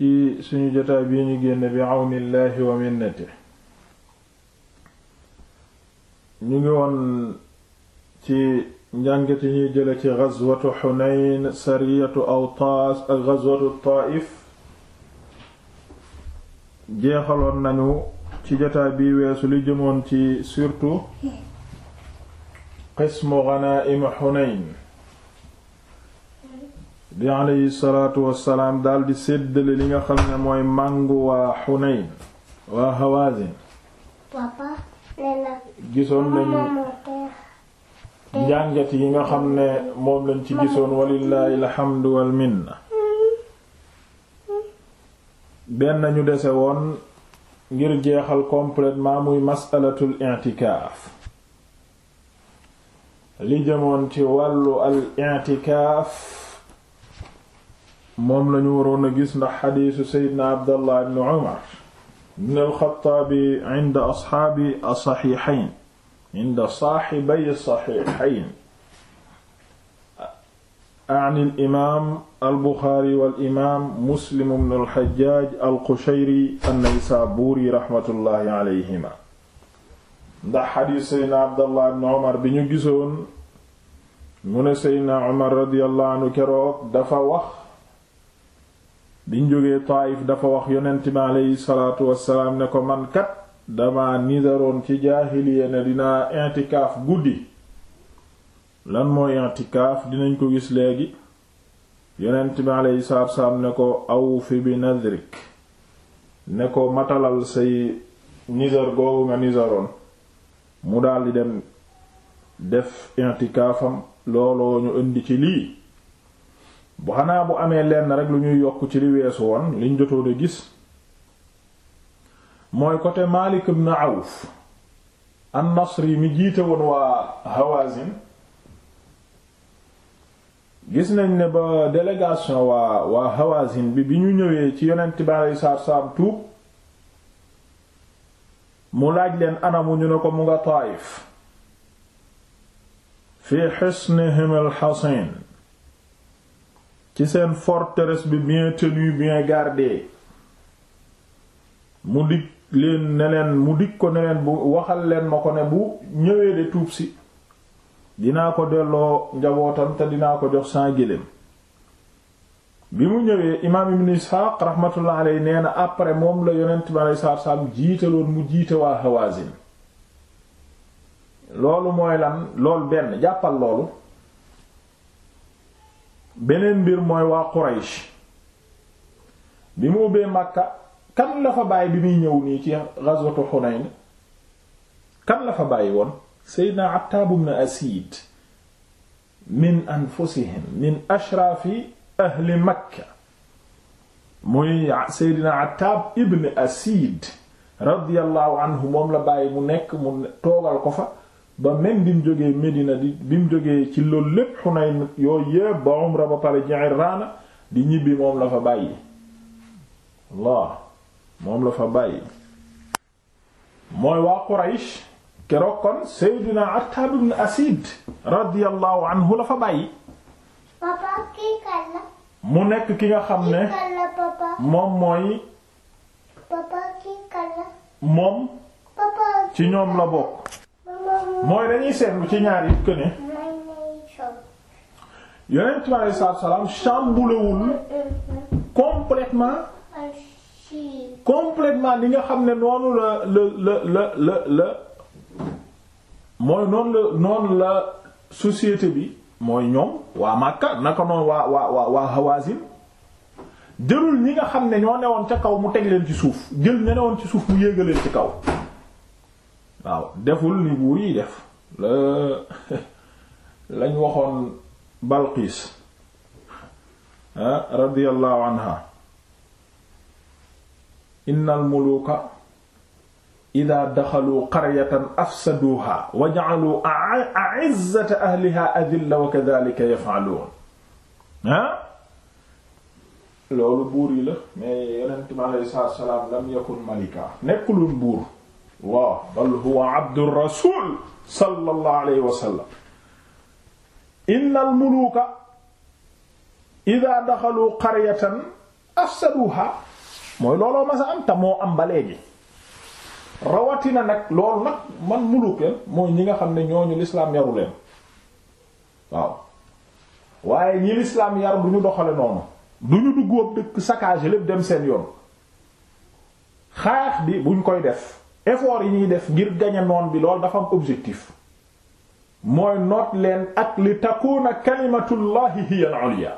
ci suñu jotaay bi ñu génn bi àwnillaahi wa minnati ñu ngi woon ci njàngati ñuy jële ci ghazwatu xuneyn sariyatu awtaas ak ghazwatu taaif jeexaloon nañu ci jotaay bi weesu li jëmoon ci surtout qismu ghanaa'im xuneyn bi aleyhi salaatu wassalaam daldi séddale li nga xam ne mooy màngu waa Xunayn waa Hawazin gisoon nañu njàngat yi nga xam ne moom lañ ci gisoon walillahi alhamdu wal benn ñu dese woon ngir jeexal complètement muy masalatul i'tikaaf li jëmoon ci wàllu al moom lañu waroon a gis ndax xadiisu seydna abdallah ibn umar ibn alxataabi inda asxaabi asaxiixayn inda saaxibay saxiixayn ani al imaam al buxaari wal imaam muslim ibn al xajjaaj al qushayri an-naysaabuuri raxmatullaahi aleyhima ndax xadiis seydna abdallah ibn umar bi ñu gisoon mu ne seydna umar radiyallaahu anhu keroog dafa wax biñ jógee Taayif dafa wax yonent bi aleyhi salaatu wassalaam ne ko mankat kat dama nidaroon ci jaahiliya ne dinaa intikaaf guddi lan mooy intikaaf dinañ ko gis léegi yonent bi aleyhi salaatu wassalaam ne ko awfi bi ne ko matalal say nizar googu nga nizaroon mu daldi dem def intikaafam looloo ñu indi ci lii bu xanaa bu amee lenn rek lu ñuy yokk ci li weesu woon liñ jotoo de gis mooy côté Malik ibn Awf mi jiite woon waa Hawazin gis nañ ne ba délégation waa Hawazin bi bi ñu ñëwee ci yonent baayu saar saam tuub mu laaj leen anamu ñu ne ko mu nga Taayif fi hisnihim al-hasin ci seen forteresse bi bien tenue bien gardée mu dig leen ne mu dig ko ne bu waxal leen ma ko ne bu ñëwee de tuub si dinaa ko delloo njabootam te dinaa ko jox sans gëléem bi mu ñëwee imaam ibn Isxaaq rahmatullah alayhi nee na après moom la yonent bi alayhi salaatu salaam jiitaloon mu jiite waa Hawaazin loolu mooy lan loolu benn jàppal loolu beneen mbir mooy waa Quraysh bi mu ubbee Makka kan la fa bi muy ñëw nii ci ghazwatu Hunayn kan la fa bàyyi woon Seydina Attab ibn Asid min anfusihim min ashraafi ahli Makka muy Seydina Attab ibn Asid radiyallahu anhu moom la bàyyi mu nekk mu toogal ko fa ba même bi mu jógee Medina di jógee ci loolu lépp Xunayn yooyu yépp ba umra ba pare Ji'irraana di ñibbi moom la fa bàyyi Allah moom la fa mooy waa Quraysh keroog kon Seydina Attaab ibn Asiid radiyallahu anhu la fa bàyyi mu nekk ki nga xam ne moom mooy moom ci ñoom la bokk mooy dañuy seetlu ci ñaari it que ne yonent bi alayhi salaatu salaam chamboulewul complètement complètement li nga xam ne noonu la la la la la mooy noonu la noonu la société bi mooy ñoom waa Makka naka noonu waa waa waa waa Hawazin jëlul ñi nga xam ne ñoo ne woon ca kaw mu teg leen ci suuf jël ña newoon ci suuf mu yéegaleen ci kaw. waaw deful li buur yi def la lañ waxoon Balqiis radiyallahu anha innal muluka ida daxalu qaryatan afsaduha wa ja'alu a'izzata ahliha adilla wa kadhalika yaf'alun ha loolu buur yi la mais yonent bi alayhi salaam lam yakun malika nekkuloon buur waaw bal huwa abdu rasul sallallahu alayhi wa sallam inna al muluuka ida daxalu qaryatan afsaduha mooy looloo masa am te moo am ba rawatina nag loolu nag man muluuk mooy ñi nga xam ne ñooñu lislaam yaru leen waaw waaye ñi lislaam yar du ñu doxale noonu du ñu dugg dëkk saccage lépp dem seen yoon xaax bi buñ koy def effort yi ñuy def ngir gañe noon bi loolu dafa am objectif mooy noot leen ak li takuna kalimatullahi hiya al-ulya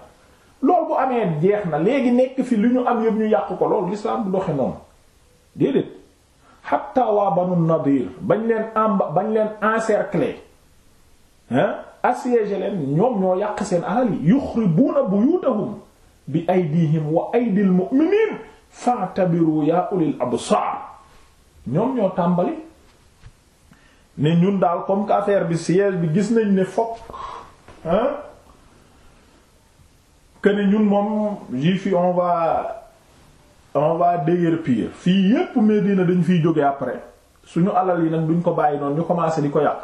loolu bu amee jeex na léegi nekk fi li ñu am yëpp ñu yàq ko loolu lislaam bu doxe noonu déedéet hatta waa banu nadir bañ leen amba bañ leen encercler hein assiéger leen ñoom ñoo yàq seen alal yi yuxribuuna buyutahum bi aydihim wa aydil mu'minin fa'tabiru ya ulil absar ñoom ñoo tàmbali ne ñun daal comme que affaire bi siège bi gis nañ ne fokk hein que ne ñun moom juif yi on va on va déguerpir fii yépp Médina dañ fiy jóge après suñu alal yi nag duñ ko bàyyi noonu ñu commencé di ko yàq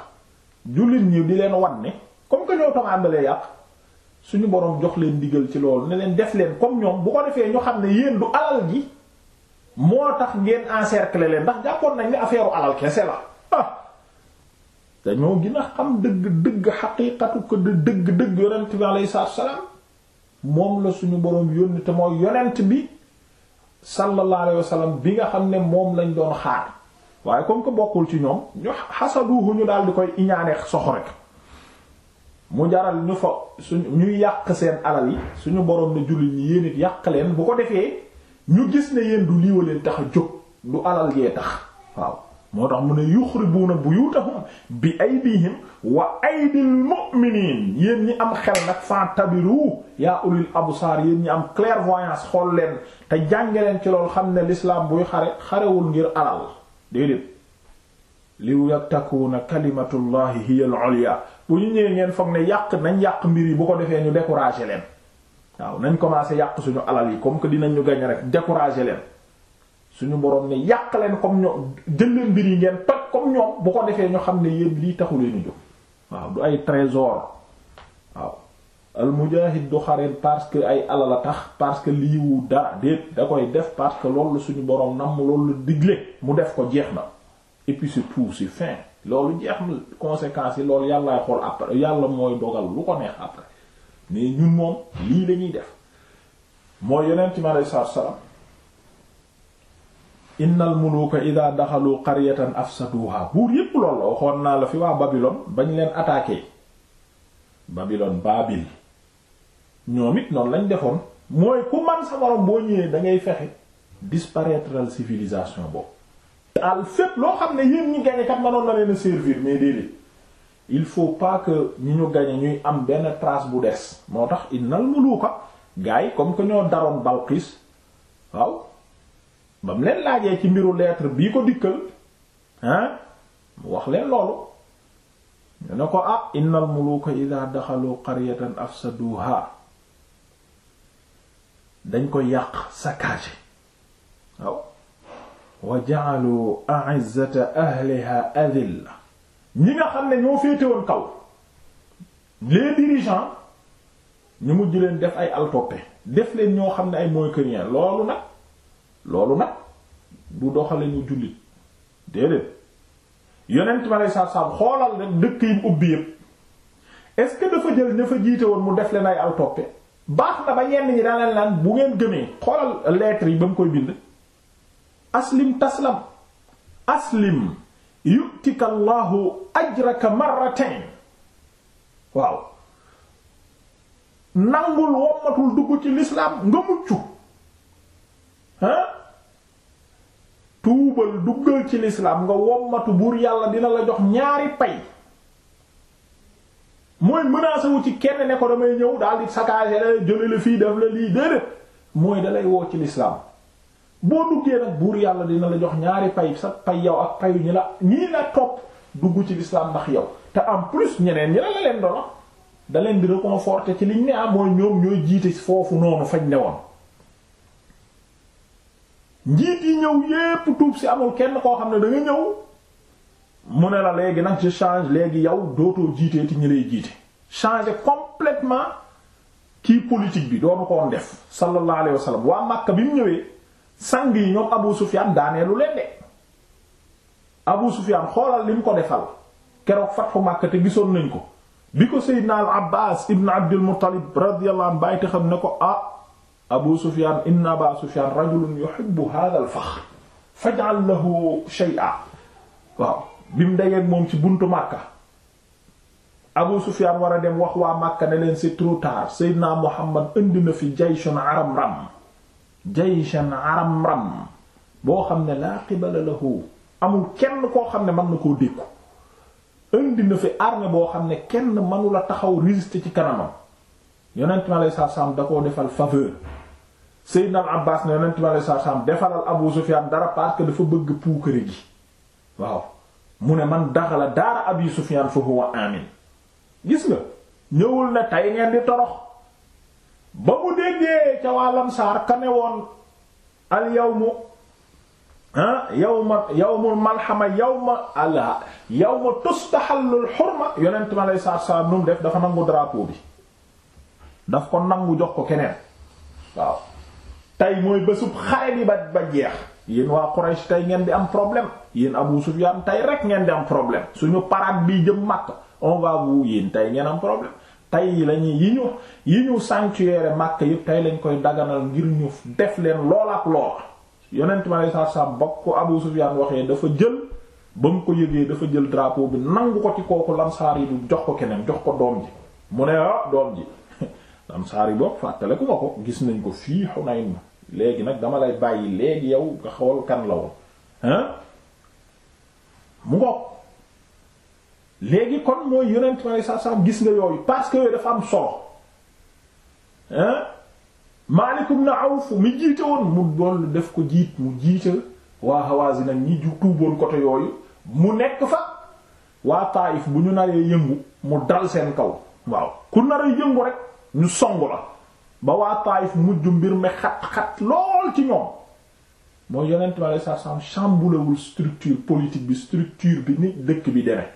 jullit ñi di leen wan ne comme que ñoo tàmbalee yàq suñu boroom jox leen digal ci loolu ne leen def leen comme ñoom bu ko defee ñu xam ne yéen du alal ji moo tax ngeen encercler leen ndax jàppoon nañ ne affaire alal kese la ah dañoo gën a xam dëgg dëgg xaqiiqatu ko dëgg dëgg yonent bi alayhi salaam moom la suñu boroom yónni te mooy bi sallallahu alayhi wa nga xam ne moom lañ doon xaar waaye comme que bokkul ci ñoom ñu xasaduhu ñu daal di koy iñaane soxo rek mu jaral ñu fa suñu ñuy yàq seen alal yi suñu boroom ne jullit ñi yéen it yàq leen bu ko defee. ñu gis ne yéen du lii leen tax a jóg du alal yee tax waaw moo tax mu ne yuxribuuna buyuutahum bi aydihim wa aydil mu'miniin yéen ñi am xel nag fa tabiru yaa ulil absaar yéen ñi am clairvoyance xool leen te jàng leen ci loolu xam ne lislaam buy xare xarewul ngir alal déedéet li yattakuuna kalimatullahi hiya al-ulya bu ñu ñëwee ngeen foog ne yàq nañ yàq mbir yi bu ko defee ñu décourager leen waaw nañ commencé yàq suñu alal yi comme que dinañ ñu gañ rek décourager leen suñu boroom ne yàq leen comme ñoom jël leen mbir yi ngeen toj comme bu ko defee ñoo xam ne yëpp lii taxu leen jóg waaw du ay trésor waaw al mujahid du xarit parce que ay alal a tax parce que lii wu da déet da koy def parce que loolu suñu boroom nam loolu digle mu def ko jeex na et puis tout c'est fin loolu jeex conséquence yi loolu yàllaay xool après yàlla mooy dogal lu ko neex après mais ñun moom lii la def moo yonent mi aleyhi salaatu wa salaam innal muluka idha sa qaryatan afsaduha buur yépp lool la waxoon naa la fi waa Babylone bañ leen attaqué Babylone Babil ñoom it noonu lañ defoon mooy ku man sa morom boo ñëwee da ngay fexe disparaître la civilisation boobu. al loo xam ne yéen ñi gañe kat na leen a servir mais déedéet il faut pas que ñi ñu gañe ñuy am benn trace bu des moo tax innal muluka gars yi comme que ñoo daroon Balqis waaw ba mu leen laajee ci mbiru lettre bii ko dikkal ah mu wax leen loolu ñu ne ko ah innal muluka idha daxalu qaryatan afsaduha dañ ko yàq saccagé waaw wa ja'alu ahliha adilla ñi nga xam ne ñoo féete woon kaw les dirigeants ñu mujj leen def ay altoppe def leen ñoo xam ne ay moykërien loolu nag loolu nag du doxale ñu jullit déedéet yonent ma lay saab-saab xoolal rek dëkk yi mu ubbi yëpp est-ce que dafa jël ñu fa jiite woon mu def leen ay altoppe baax na ba ñenn ñi daan leen naan bu ngeen gëmee xoolal lettres yi ba mu koy bind aslim taslam aslim yu'tika Allahu ajraka marratayn waaw nangul wommatul dugg ci lislaam nga mucc ah tuubal duggal ci lislaam nga wommatu buur yàlla dina la jox ñaari pay mooy menacé ci kenn ne ko damay ñëw daal di saccager la fii def la lii déedéet mooy dalay woo ci lislaam boo duggee nag buur yàlla dina la jox ñaari pay sa pay yow ak payu ñi la ñii la topp dugg ci lislaam ndax yow te en plus ñeneen ñi la la leen doon da leen di réconforter ci liñ ne ah mooy ñoom ñooy jiite foofu noonu fañ ne woon. njiit yi ñëw yépp tuub si amul kenn koo xam ne da ñëw mu ne la léegi nag je change léegi yow dootoo jiitee te ñi lay jiite changer complètement kii politique bi doonu ko woon def sallallahu alayhi wa sallam waa Makka bi mu ñëwee. sang yi ñoom Abu Sufyan daaneelu leen de Abu Sufyan xoolal li mu ko defal keroog Fathu Makka te gisoon nañ ko bi ko Seydina al Abbas ibn Abdul Muttalib radiyallahu anhu bàyyi te xam ne ko ah Abu Sufyan inna Aba Sufyan rajulun yuhibbu hadha al fakhr faj'al lahu shay'a waaw bi mu dajeeg moom ci buntu Makka Abu Sufyan war a dem wax waa Makka ne leen c'est trop tard Seydina Muhammad indi na fi jayshun aramram jayshan aramram boo xam ne laa qibala lahu amul kenn koo xam ne mën na koo dékku indi na fi armée boo xam ne kenn mënula taxaw résister ci kanamam yonent mi alayhi salaatu salaam da koo defal faveur Seydina al Abbaas ne yonent mi alayhi salaatu salaam defalal Abu Sufyaan dara parce que dafa bëgg puukare gi waaw mu ne man daxala daara Abi Sufyaan fa huwa amin gis nga ñëwul ne tey ngeen di torox ba mu déggee ca waa lamsaar ka ne woon al yawmu ah yawma yawmul malhama yawma al yawma tustahalul hurma yonent ma lay saar saar nu mu def dafa nangu drapeau bi daf ko nangu jox ko keneen waaw tey mooy bésub xare bi ba ba jeex yéen waa Quraysh tey ngeen di am problème yéen Abu Sufyan tey rek ngeen di am problème suñu parade bii jëm Makka on va tey ngeen am problème tey lañuy yi ñu yi ñu sanctuaire Makka yëpp tey lañ koy daganal ngir ñu def leen lool ak loola yonent mi alayhi salaatu salaam bokk ko Abu Sufyaan waxee dafa jël ba mu ko yëgee dafa jël drapeau bi nangu ko ci kooku lamsaar yi du jox ko keneen jox ko doom ji mu ne ah doom ji lamsaar yi bokk fàttale ku ma ko gis nañ ko fii Hunayn léegi nag dama lay bàyyi léegi yow nga xool kan la woon hein mu ngoog léegi kon mooy yonent ma ne saa saa gis nga yooyu parce que yooyu dafa am solo hein Maalik na Awf mi jiite woon mu doon def ko jiit mu jiite waa Hawazin nag ñi ju tuuboon côté yooyu mu nekk fa waa Taayif bu ñu naree yëngu mu dal seen kaw waaw ku naree yëngu rek ñu song la ba waa Taayif mujj mbir mi xat-xat lool ci ñoom mooy yonent ma ne saa saa chamboulewul structure politique bi structure bi ni dëkk bi demee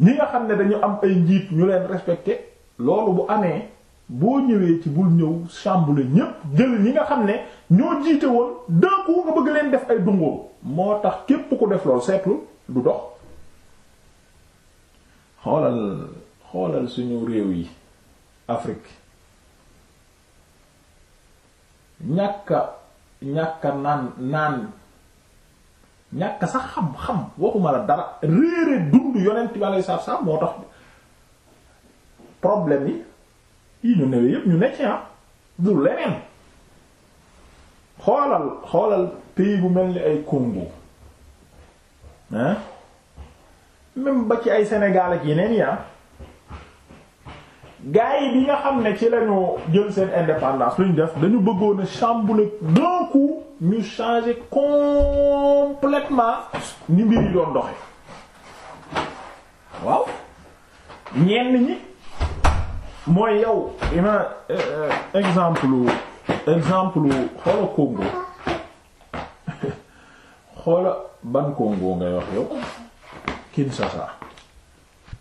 ñi nga xam ne dañu am ay njiit ñu leen respecté loolu bu amee boo ñëwee ci bul ñëw chamboulé ñépp jël ñi nga xam ne ñoo jiite woon d'un coup nga bëgg leen def ay dungóobu moo tax képp ku def loolu seetlu du dox xoolal xoolal suñu réew yi Afrique ñàkka ñàkka naan naan ñàkk sax xam-xam waxuma la dara réere dund yonent bi alayhi salaatu salaam moo tax problème yi yi ñu newee yépp ñu ne ci ah du leneen xoolal xoolal pays bu mel ni ay Congo hein même ba ci ay Sénégal ak yeneen yi ah gars yi bi nga xam ne ci lañu jël seen indépendance lu def dañu bëggoon a chambouler d'un coup ñu changer complètement ni mbir yi doon doxe waaw ñenn ñi mooy yow ima euh, euh, exemple exemple xoola Congo xoola ban Congo ngay wax yow Kinshasa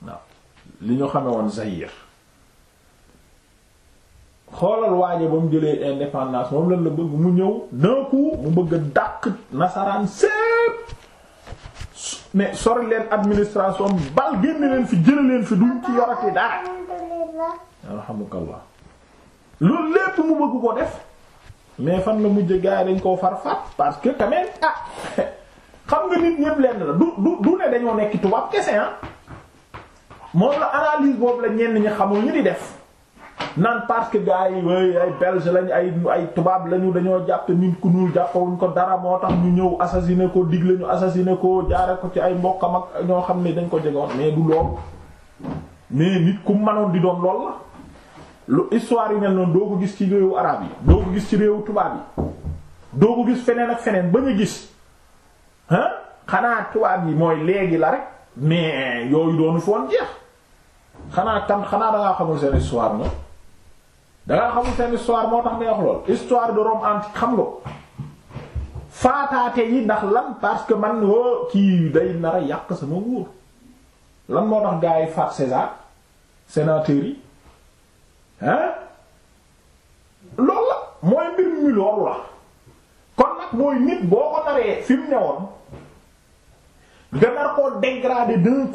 waaw li ñu xame woon Zaïre xoolal waaje ba mu jëlee indépendance moom lan la bëgg mu ñëw d'un coup mu bëgg dàq nasaraan sépp mais sori leen administration bal génn leen fi jële leen fi duñ ci yorati dara alhamdulilah loolu lépp mu bëgg ko def mais fan la mujj gaay dañ koo farfat parce que quand même ah, xam nga nit ñépp lenn la du du du ne dañoo nekk tubaab kese ah. moom la analyse boobu la ñenn ñi xamul ñu di def. naan parce que gars yi ay belge lañ ay ay tubaab lañu dañoo jàpp nit ku ñuul jàppawuñ ko dara moo tax ñu ñëw assassiné ko dig lañu assassiné ko jaare ko ci ay mbokkam ak ñoo xam ne dañ ko jegoon mais du loolu mais nit ku mënoon di doon lool la lu histoire yi mel noonu doo ko gis ci réewu araab yi doo ko gis ci réewu tubaab yi doo ko gis feneen ak feneen ba ñu gis ah xanaa tubaab yi mooy léegi la rek mais yooyu doonu foon jeex xanaa tam xanaa dangaa xamul seen dangaa xamul seen histoire moo tax may wax lool histoire de Rome antique xam nga faataate yi ndax lan parce que man woo oh, kii day nar yàq sama nguur lan moo tax gaa yi faat César sénateur hein loolu la mooy mbir mi loolu la kon nag mooy nit boo ko naree fi mu newoon nga koo dégrader d'un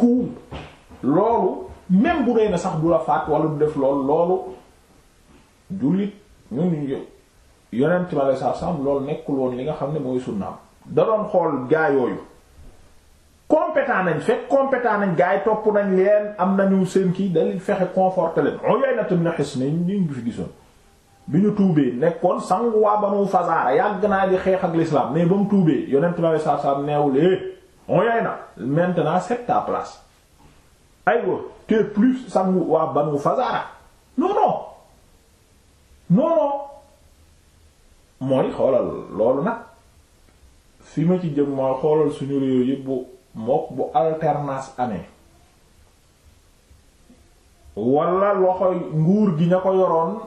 loolu même bu dee na sax du la faat wala du def loolu loolu jullit ñun yonent mi aleyhi salaatu salaam loolu nekkul woon li nga xam ne mooy sunnaam da doon xool gaa yooyu compétent nañ fekk compétent nañ gaa yi topp nañ leen am nañu seen kii dañuy fexe conforté leen Uyayna ibn Hisn ñu fi gisoon bi ñu tuubee nekkoon sangu waa Banu Fazaara yàgg naa di xeex ak l'islam mais ba mu tuubee yonent mi aleyhi salaatu salaam neewul na eh, Uyayna maintenant set ta place aywa te plus sangu waa Banu Fazaara non non. non non mooy xoolal loolu nag fi ma ci jëm mooy xoolal suñu réew yëpp bu mook bu alternance amee wala loxo nguur gi ña ko yoroon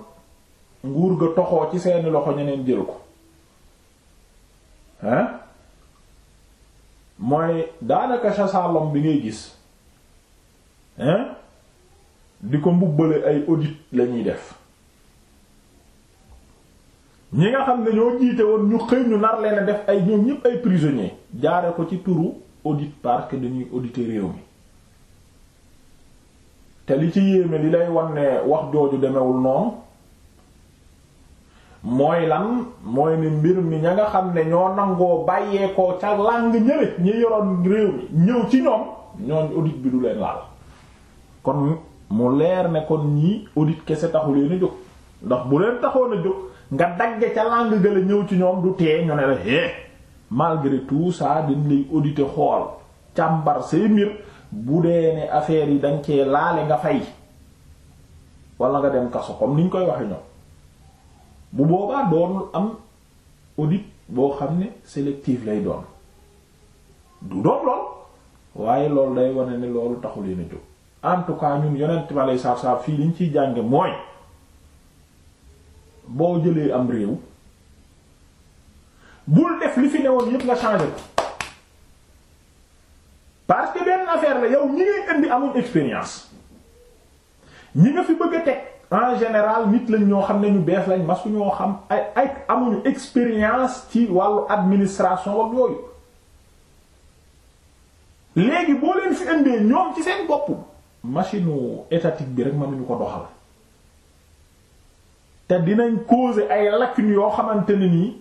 nguur ga toxoo ci seeni loxo ñeneen jël ko hein mooy daanaka chasalom bi ngay gis hein di ko mbubbale ay audit lañuy def ñi nga xam ne ñoo jiite woon ñu xëy ñu nar leen def ay ñoom ñëpp ay prisonniers jaare ko ci turu audit parce que dañuy auditer réew mi te li ci yéeme li lay wan ne wax jooju demewul noonu mooy lan mooy ne mbir mi ña nga xam ne ñoo nangoo bàyyeekoo ca làng ñële ñi yoroon réew mi ñëw ci ñoom ñooñ audit bi du leen laal kon mu leer ne kon ñii audit kese taxu leen a jóg ndax bu leen taxoon a jóg nga dagge ca langue gëla ñëw ci ñoom du tee ñu ne la é malgré tout ça dañ lay xool càmbar say mbir bu dee ne affaire yi danga cee laale nga fay walla nga dem kaso comme ni koy waxe ñoom bu boobaa doonul am audit boo xam ne sélectif lay doon du doon lool waaye loolu day wane ne loolu taxul yéen a jóg en tout cas ñun yonent bi aleyhi salaatu salaam fii liñ ciy jànge mooy boo jëlee am réew bul def li fi newoon yépp nga changé ko parce que benn affaire la yow ñi ngay indi amuñ expérience ñi nga fi bëgg a teg en général nit lañ ñoo xam ne ñu bees lañ masu ñoo xam ay ay amuñu expérience ci wàllu administration wak yooyu léegi boo leen fi indee ñoom ci seen bopp machine étatique bi rek mënuñu ko doxal te dinañ causer ay lacunes yoo xamante ne nii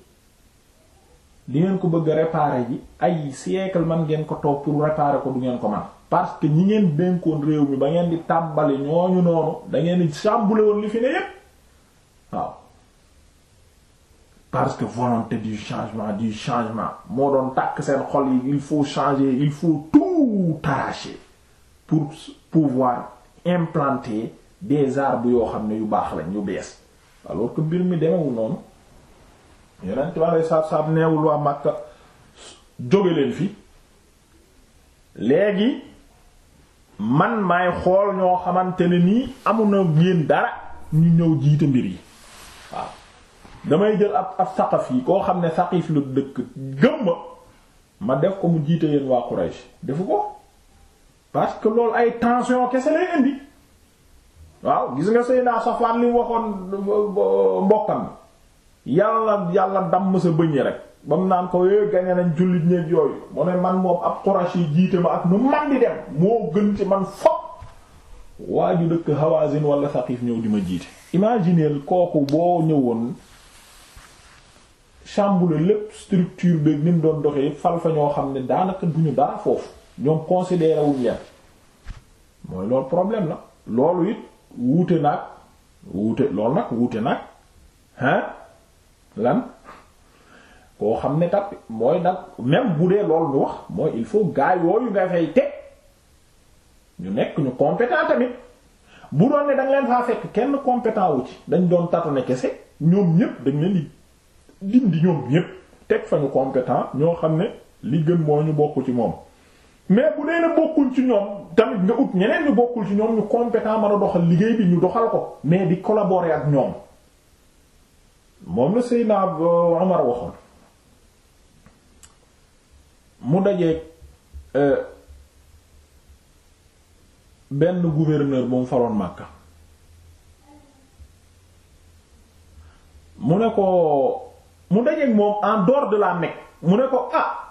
di ngeen ko bëgg a réparer ji ay siècle man ngeen ko toog pour réparer ko du ngeen ko man parce que ñi ngeen dénkoon réew mi ba ngeen di tàmbali ñooñu noonu da ngeen di chamboulé woon li fi ne yépp waaw parce que volonté du changement du changement moo doon tàkk seen xol yi il faut changer il faut tout arracher pour pouvoir implanter des arbres yoo xam ne yu baax lañ yu bees alors que mbir mi demewul noonu yeneen ci wàllu saab-saab neewul waa Makka jóge fi léegi man maay xool ñoo xamante ne nii amuna ngeen dara ñu ñëw jiite mbir yi waaw damay jël ab ab saqaf yi koo xam ne saqif lu dëkk gëmma ma def ko mu jiite yéen waa Quraysh defu ko parce loolu ay tension kese lay indi waaw gis nga Seydina Safwaan li mu waxoon mbokkam yàlla yàlla damm sa bëñ rek ba mu naan ko é eh, gañe nañ jullit ñeeg yooyu mu ne man moom ab Qurashi yi jiite ma ak nu man di dem moo gën ci man fopp waa ju dëkk Hawazin wala Saqif ñëw di ma jiite imagineel kooku boo ñëwoon chamboulé lépp structure beeg ni doon doxee fal fa ñoo xam ne daanaka duñu dara foofu ñoom considéré wuñ leen mooy loolu problème la loolu it wuute naag wuute loolu nag wuute naag hein lan koo xam ne kat mooy nag même bu dee loolu ñu wax mooy il faut gaa yooyu nga fay teg ñu nekk ñu compétent tamit bu doon ne da nga leen faa fekk kenn compétent wu ci dañ doon tatu ne kese ñoom ñépp dañ leen di dindi ñoom ñépp teg fa ñu compétent ñoo xam ne li gën moo ñu bokku ci moom mais bu dee na bokkul ci ñoom tamit nga ut ñeneen ñu bokkul ci ñoom ñu compétent mën a doxal liggéey bi ñu doxal ko mais di collaborer ak ñoom moom la Seydina Omar waxoon mu dajeeg euh, benn gouverneur bu mu faloon Makka mu ne ko mu dajeeg moom en dehors de la Mecque mu ne ko ah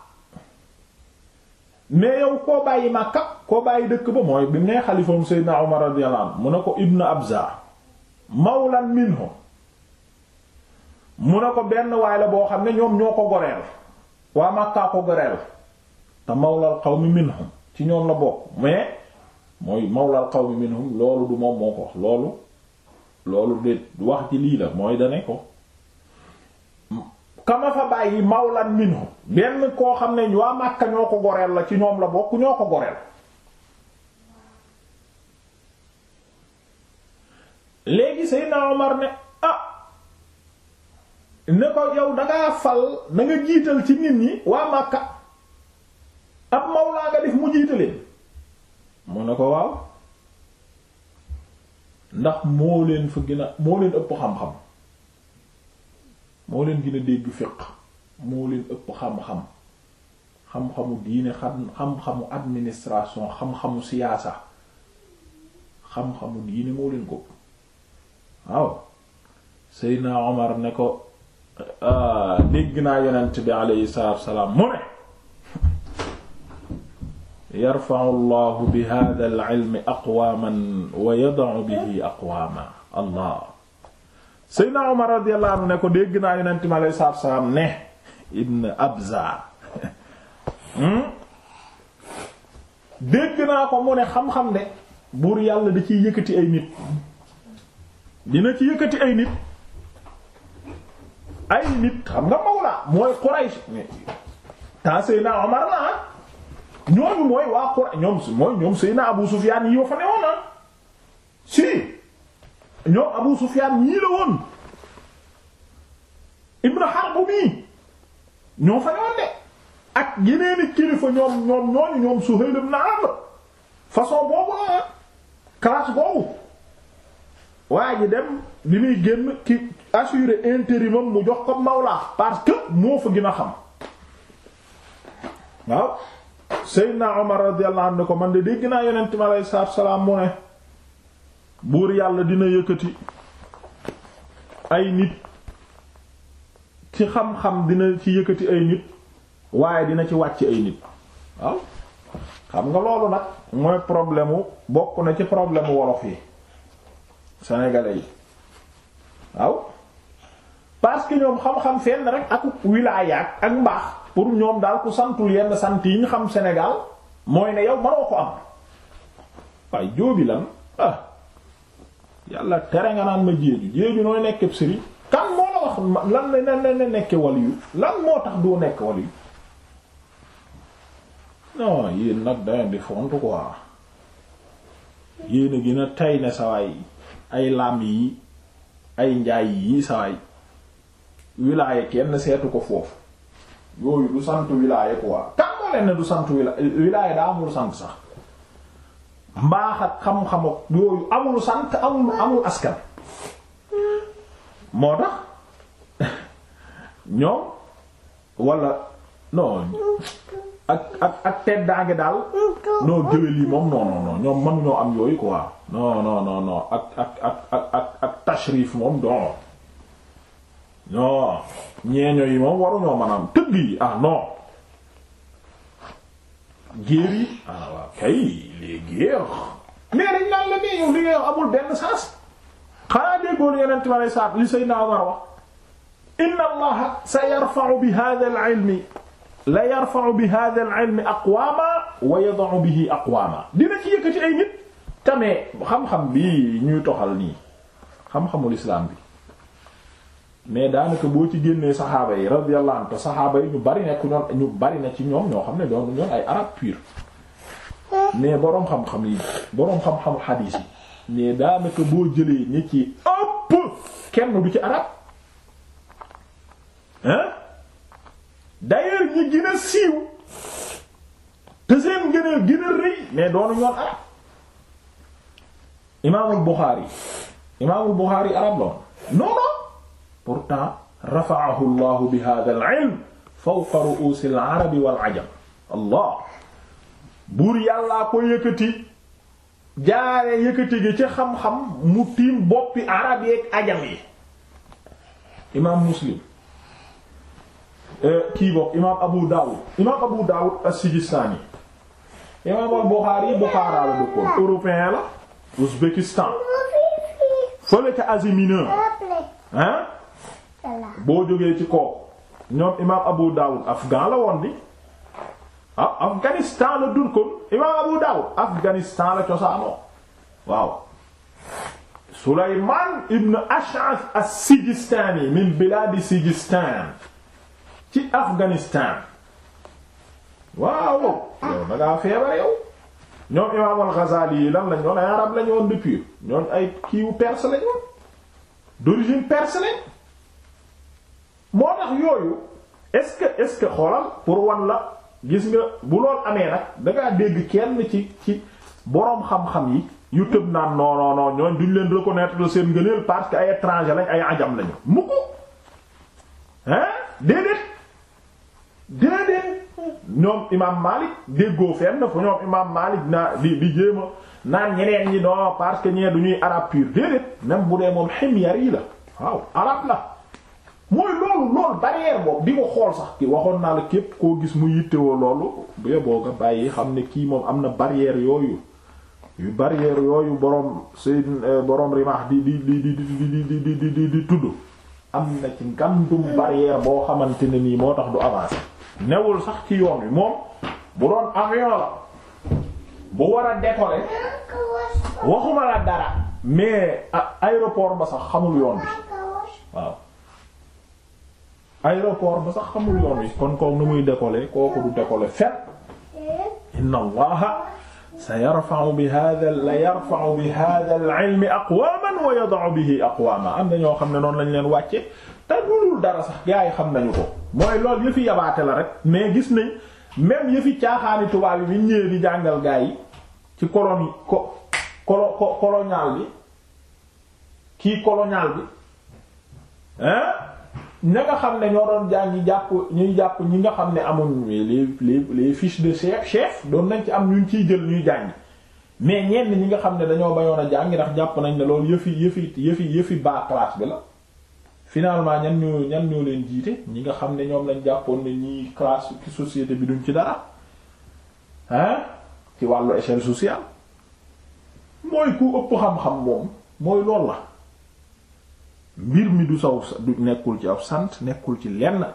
mais yow koo bàyyi Makka koo bàyyi dëkk ba mooy bi mu nee xalifaam Seydina Umar radiyallahu anhu mu ne ko Ibn Abza mawlan minhu mu ne ko benn waay la boo xam ne ñoom ñoo ko goreel waa Makka ko goreel te mawlal qawmi minhum ci ñoom la bokk mais mooy mawlal qawmi minhum loolu du moom moo ko loolu loolu de wax ci lii la mooy dane ko kama fa bàyyi mawlan minhu benn koo xam ne waa Makka ñoo ko goreel la ci ñoom la bokk ñoo ko goreel léegi Seydina Omar ne ah ne ko yow dangaa fal da nga jiital ci nit ñi waa Makka ab mawlaa nga def mu jiitaleen mu ne ko waaw ndax moo leen fa gën a moo leen ëpp xam-xam moo leen gën a dégg fiq moo leen ëpp xam-xam xam-xamu diine xam-xamu administration xam-xamu siyaasa xam-xamu diine moo leen ko waaw Seydina Omar ne ko ah, dégg naa yonent bi aleyhi salaatu wasalaam mu ne yarfa'u Allahu bi haadha al-'ilmi aqwaaman wa yada'u bihi aqwaaman Allah Seydina Omar radiyallahu anhu ne ko dégg naa yonent mi alayhi salaam ne Ibn Abza hmm? dégg naa ko mu ne xam-xam de buur yàlla di ciy yëkkati ay nit dina ci yëkkati ay nit ay nit xam nga mawla mooy Quraysh ta Seydina Omar la ah? ñooñu mooy waa Quraysh ñoom mooy ñoom Seydina Abu Sufyaan yi yoo fa newoon na ah? si ñoom Abu Sufyaan ñii la woon Ibn Harb mii ñoo fa ñoon de ak yeneeni kilifa ñoom ñoom ñooñu ñoom Suhayl ibn Amr façon boobu la ah. classe boobu waa ji dem bi muy génn ki assurer intérimam mu jox ko mawla parce que moo fa gën a xam waaw Seydina Omar radiyallahu anhu ko man de dégg naa yonent mi alayhi salaatu salaam mu ne buur yàlla dina yëkkati ay nit ci xam-xam dina ci yëkkati ay nit waaye dina ci wàcc ay nit waaw xam nga loolu nag mooy problème wu bokk na ci problème wolof yi sénégalais yi waaw parce que ñoom xam-xam fenn rek ak wilaayaak ak mbaax pour ñoom daal ku santul yenn sant yi ñu xam Sénégal mooy ne yow mënoo ko am waaye joobi lan ah yàlla tere nga naan ma jéeju jéeju nooy nekkeb sëriñ kan moo la wax lan la nan la nekke lan moo tax du nekk waliyu non yéen nag dañu di font quoi yéen a gën a ne sawaay ay lam yi ay njaay yi sawaay wilaaye kenn seetu ko foofu yooyu du sant wilaaye quoi kan moo leen ne du sant wilaaye daa amul sant sax mbaax ak xam-xam ak yooyu amul sant amul amul askan moo tax ñoom wala non ak ak ak teddaange daal non déwél yi moom non non ñoom mën ñoo am yooyu quoi non non non ak ak ak ak tashrif moom don non ñeeño yi moom waruñoo mën a am tëgg yi ah non géer yi ah waaw kay les guerres mais dañ naan la mais yow li nga amul benn sens xanaa déggoon yonent ma lay saat li Seydina Omar wax inna allaha sa yarfa'u bi hadha al-'ilmi la yarfa'u bi hadha al-'ilmi aqwaman wa yada'u bihi aqwaman dina ci yëkkati ay nit tamee xam-xam bi ñuy toxal nii xam-xamul islam bi mais daanaka boo ci génnee saxaaba yi radiyallahu anhu te saxaaba yi ñu bari nekk ñoom ñu bari na ci ñoom ñoo xam ne doon ñoon ay arab pur mais boroom xam yi boroom yi mais daanaka boo jëlee ñi ci kenn du ci arab hein d'ailleurs mais doonu ñoon arab imaamul Buxaari imaamul Buxaari arab loon non non pourtant rafa'ahu llahu bi hadha allah buur yàllaa ko yëkkati jaare yëkkati gi ci xam-xam mu tiim boppi arab yeek ajam yi imaam muslim eh, kii bopp abu daawud imaam abu daawud as-sijistani imaam al-bukhari yi bukhara la dëkkoon européen la ouzbékistan fële ca Asie mineure hein boo jógee ci kooku ñoom imaam Abu Dawud afghan la woon di ah Afghanistan la dul kon imaam Abu Dawud Afghanistan la cosaanoo waaw. Souleymane Ibn Ash'ath as min bilaadi ci Afghanistan waaw yow da feebar yow. ñoom imaam ghazali yi lan lañ woon ay arab lañ woon depuis ñoom ay kiiwu perse lañ woon d'origine perse lañ. moo tax yooyu est-ce est-ce que xoolal pour wan la gis nga bu lool amee nag dangaa dégg kenn ci ci boroom xam-xam yi yu tëb naan non non non ñooñ duñ leen reconnaître seen ngëneel parce que ay étranger lañ ay ajam lañu mu ko hein déedéet déedéet ñoom imaam Malik déggoo fenn fu ñoom imaam Malik naa di di jéema naan ñeneen ñi non parce que ñee du ñuy arab pur déedéet même bu dee moom ximyar yi la waaw arab la mooy loolu loolu barrière boobu di ko xool sax ki waxoon naa la képp koo gis mu yittewoo loolu bu boo nga bàyyi xam ne kii moom am na barrière yooyu yu barrière yooyu boroom say boroom rimaax di di di di di di di di tudd am na ci ngandum barrière boo xamante ne nii moo tax du avancer newul sax ci yoon wi moom bu doon avion la bu war a décoller waxuma la dara mais aéroport ba sax xamul yoon bi waaw aéroport ba sax xamul yoon wi kon kooku nu muy décoller kooku du décoller fet inna allaha sa yarfa'u bi hadha la yarfa'u bi hadha al-'ilmi aqwaman wa yada'u bihi am na ñoo xam ne noonu lañ leen wàcce te dulul dara sax gars yi xam nañu ko mooy lool yëfi yabaate la rek mais gis nañ même yëfi caaxaani tubaab yi bi ñëwee di jàngal gars yi ci colonie ko colo colonial bi kii colonial bi hein ña nga xam ne ñoo doon jàng ñi jàpp ñuy jàpp ñi nga xam ne amuñ les les les fiche de chef chef doon nañ ci am ñu ciy jël ñuy jàng mais ñenn ñi nga xam ne dañoo bayoon a jàng ndax jàpp nañ ne loolu yëfi yëfi yëfi yëfi baa classe bi la finalement ñan ñoo ñan ñoo leen jiite ñi nga xam ne ñoom lañ jàppoon ne ñi classe ci société bi duñ ci dara hein ci wàllu échelle sociale mooy ku ëpp xam-xam moom mooy lool la mbir mi du saw du nekkul ci aw sant nekkul ci lenn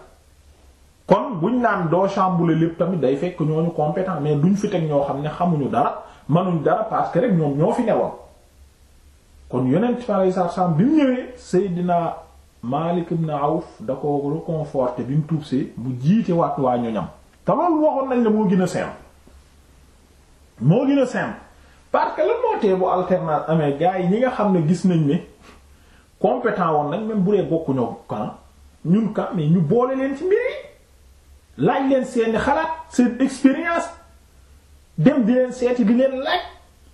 kon buñ naan doo chamboulé lépp tamit day fekk ñooñu compétent mais duñ fi teg ñoo xam ne xamuñu dara mënuñ dara parce que rek ñoom ñoo fi newoon kon yonent alei satu salaam bi mu ñëwee Seydina Malik ibn Awf da ko réconforté bi mu si mu jiite waat waa ñoñam te loolu waxoon nañ la moo gën a simple moo gën a simple parce moo tee bu alternance amee gars yi ñi nga xam ne gis nañ ne compétent woon nañ même bu dee bokkuñoo kan ñun kan mais ñu boole leen ci mbir yi laaj leen seeni xalaat seen expérience dem di leen seeti bi leen laaj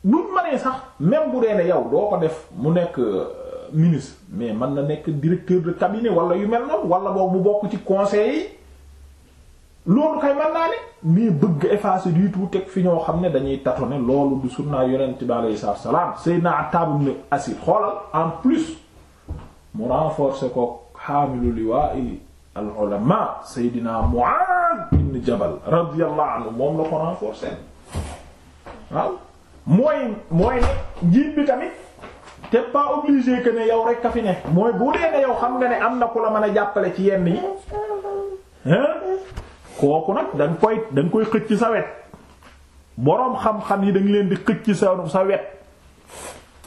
buñ mënee sax même bu dee ne yow doo ko def mu nekk euh, ministre mais mën na nekk directeur de cabinet wala yu mel na wala boobu bu bokk ci conseil yi loolu kay mën naa ne mais bëgg effacer du tout teg fi ñoo xam ne dañuy tâtonner loolu du sunna yonent bi alayhi salaam Seydina Attab ibn Asid xoolal en plus. mu renforcer ko xaamilu liwaa'i al ulama Seydina Mu'aad ibn Jabal radiyallahu anhu moom la ko renforcer waaw mooy mooy ne njiit bi tamit te pas obligé que ne yow rek ka fi ne mooy bu dee ne yow xam nga ne am na ku la mën a jàppale ci yenn yi kooku nag da nga koy da koy xëcc sa wet boroom xam-xam yi da leen di xëcc sa sa wet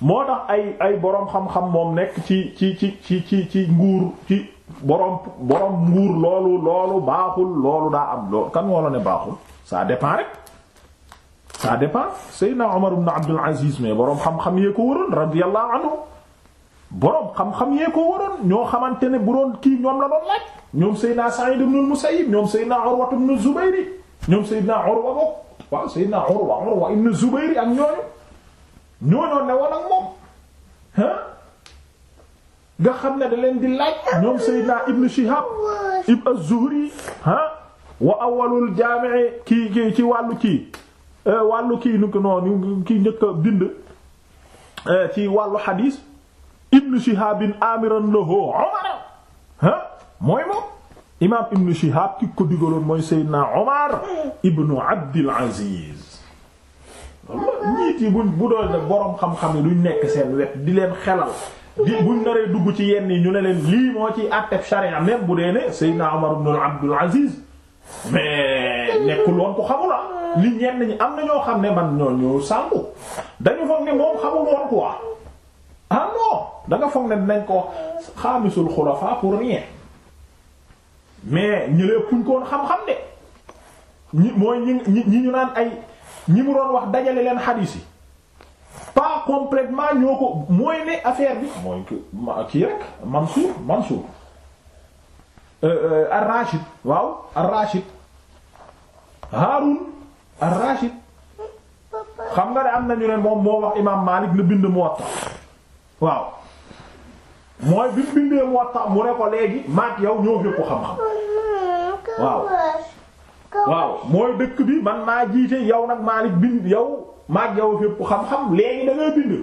moo tax ay ay boroom xam-xam moom nekk ci ci ci ci ci ci nguur ci boroom boroom nguur loolu loolu baaxul loolu daa am loolu kan moo la ne baaxul ça dépend rek ça dépend Seydina Omar ibn Abdul Aziz mais boroom xam-xam yee ko waroon radiyallahu anhu boroom xam-xam yee ko waroon ñoo xamante ne bu doon kii ñoom la doon laaj ñoom Seydina Sa'id ibn al-Musayyib ñoom Seydina Urwa ibn Zubayr ñoom Seydina Urwa bokk waaw ak ñooñu ñooñoon ne woon moom ah xam ne daleen leen di laaj ñoom Seydina Ibn Shihab Ibn Az-Zuhri ah wa awwalul jaami'i kii kii ci wàllu kii euh, wàllu kii nu ko noonu kii njëkk a bind euh, ci wàllu xadiis Ibn Shihab amiran lahu mooy moom imaam Ibn Shihab ki ko digaloon mooy Seydina Umar ibn Abdul njiit yi buñ bu doon ne borom xam-xam yi duñ nekk seen wet di leen xelal di buñ naree dugg ci yenn yi ñu ne leen lii moo ci àtteef sharia même bu dee ne Seydina Omar ibn Abdul Aziz mais nekkul woon ko ah. li am na ñoo xam ne man ñoo ñu sànku dañu foog ne moom xamul woon quoi ah non da nga foog ne dinañ ko xaamisul xulafa pour rien mais ñi leen kuñ ko woon xam-xam de ñi mooy ñi ñi ñu naan ay. ñi wax dajale leen xadiis yi pas complètement ñoo ko mooy ne affaire bi mooy kii rek Mansour Mansour ar Haarun Ar-Rashid xam nga ne am nañu ne moom moo wax imaam Maalik la bind Muwatta waaw mooy bi mu bindee Muwatta mu ne ko léegi maak yow ñoo fépp xam-xam waaw waaw mooy dëkk bi man maa jiite yow nag Maalik bind yow maag yow fépp xam-xam léegi da ngay bind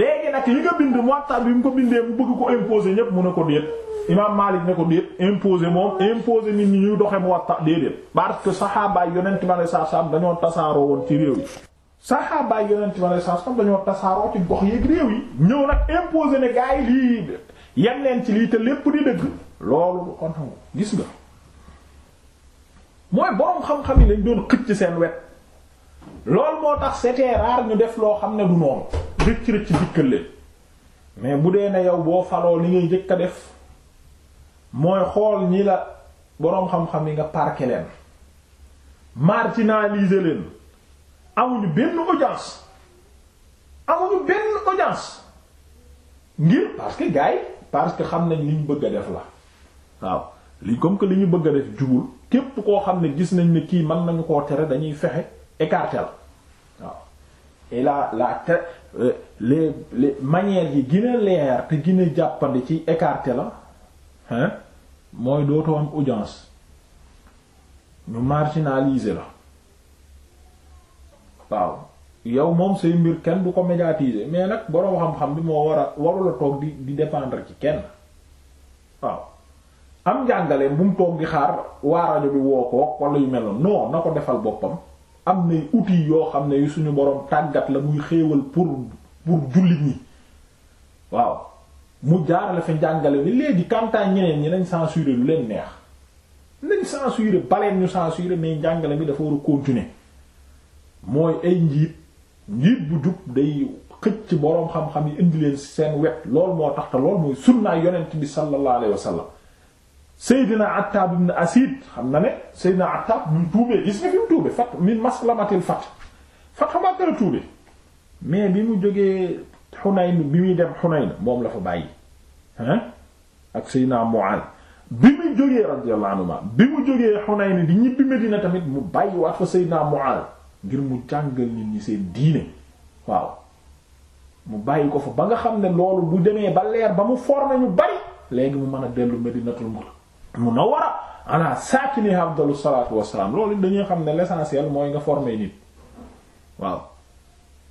léegi nag li nga bind Muwatta bi mu ko bindee mu bëgg ko imposer ñépp mu ne ko déet imaam Maalik ne ko déet imposer moom imposer nit ñi ñuy doxe Muwatta déedéet parce que saxaabaay yonent ma lay saasam dañoo tasaaroo woon ci réew yi saxaabaay sa ma lay saasam dañoo tasaaroo ci gox yeeg réew yi ñëw nag imposer ne gaa yi lii yem leen ci lii lépp di dëgg loolu kon gis nga mooy boroom xam-xam yi dañ doon xëcc seen wet lool moo tax c'était rare ñu def loo xam ne du noonu rëcc rëcc dikkal leen mais bu dee ne yow boo faloo li ngay jëkk a def mooy xool ñi la boroom xam-xam yi nga parquer leen marginaliser leen amuñu benn audience amuñu benn audience ngir parce que gars parce que xam nañ li ñu bëgg a def la waaw li comme que li ñu bëgg a def jubul képp koo xam ne gis nañ ne kii man nañu koo tere dañuy fexe écarter la waaw et la la te euh, les les manières yi gën leer te gën a ci écarter la hein mooy dootoo am audience ñu marginaliser la waaw yow moom say mbir kenn du ko médiatiser mais nag boroom xam-xam bi moo war a warula toog di di dépendre ci kenn am njàngale bu mu toog di xaar waa rajo bi woo ko wala yu mel noo na ko defal boppam am nay uti yoo xam ne yu suñu boroom tàggat la muy xéewal pour pour jullit ñi waaw mu jaarale fa njàngale bi léegi kantaan ñeneen ñi nañ censurer lu leen neex nañ censurer baleen ñu censurer mais njàngale bi dafa war a continuer mooy ay njiit njiit bu jub day xëcc boroom xam-xam yi indi leen seen wet lool moo tax te lool mooy sunnaay yonent bi sallallahu alayhi wasallam Seydina Attab ibn Asid xam na ne Seydina Attab mu tuubee gis nga fi mu tuubee fat min maslamatil fat fat xamaa kër a tuubee mais bi mu jógee Xunayn bi muy dem Xunayn moom la fa bàyyi hein ak Seydina Mu'aaz bi mu jógee radiyallahu anhu bi mu jógee Xunayn di ñibbi Medina tamit mu bàyyi waat fa Seydina Mu'aaz ngir mu jàngal nit ñi seen diine waaw mu bàyyi ko fa ba nga xam ne loolu bu demee ba leer ba mu former ñu bari léegi mu mën a dellu Medinatul Munawwara munawwara ala saakiniha afdalu salaatu wassalaam loolu dañuy xam ne l'essentiel mooy nga former nit waaw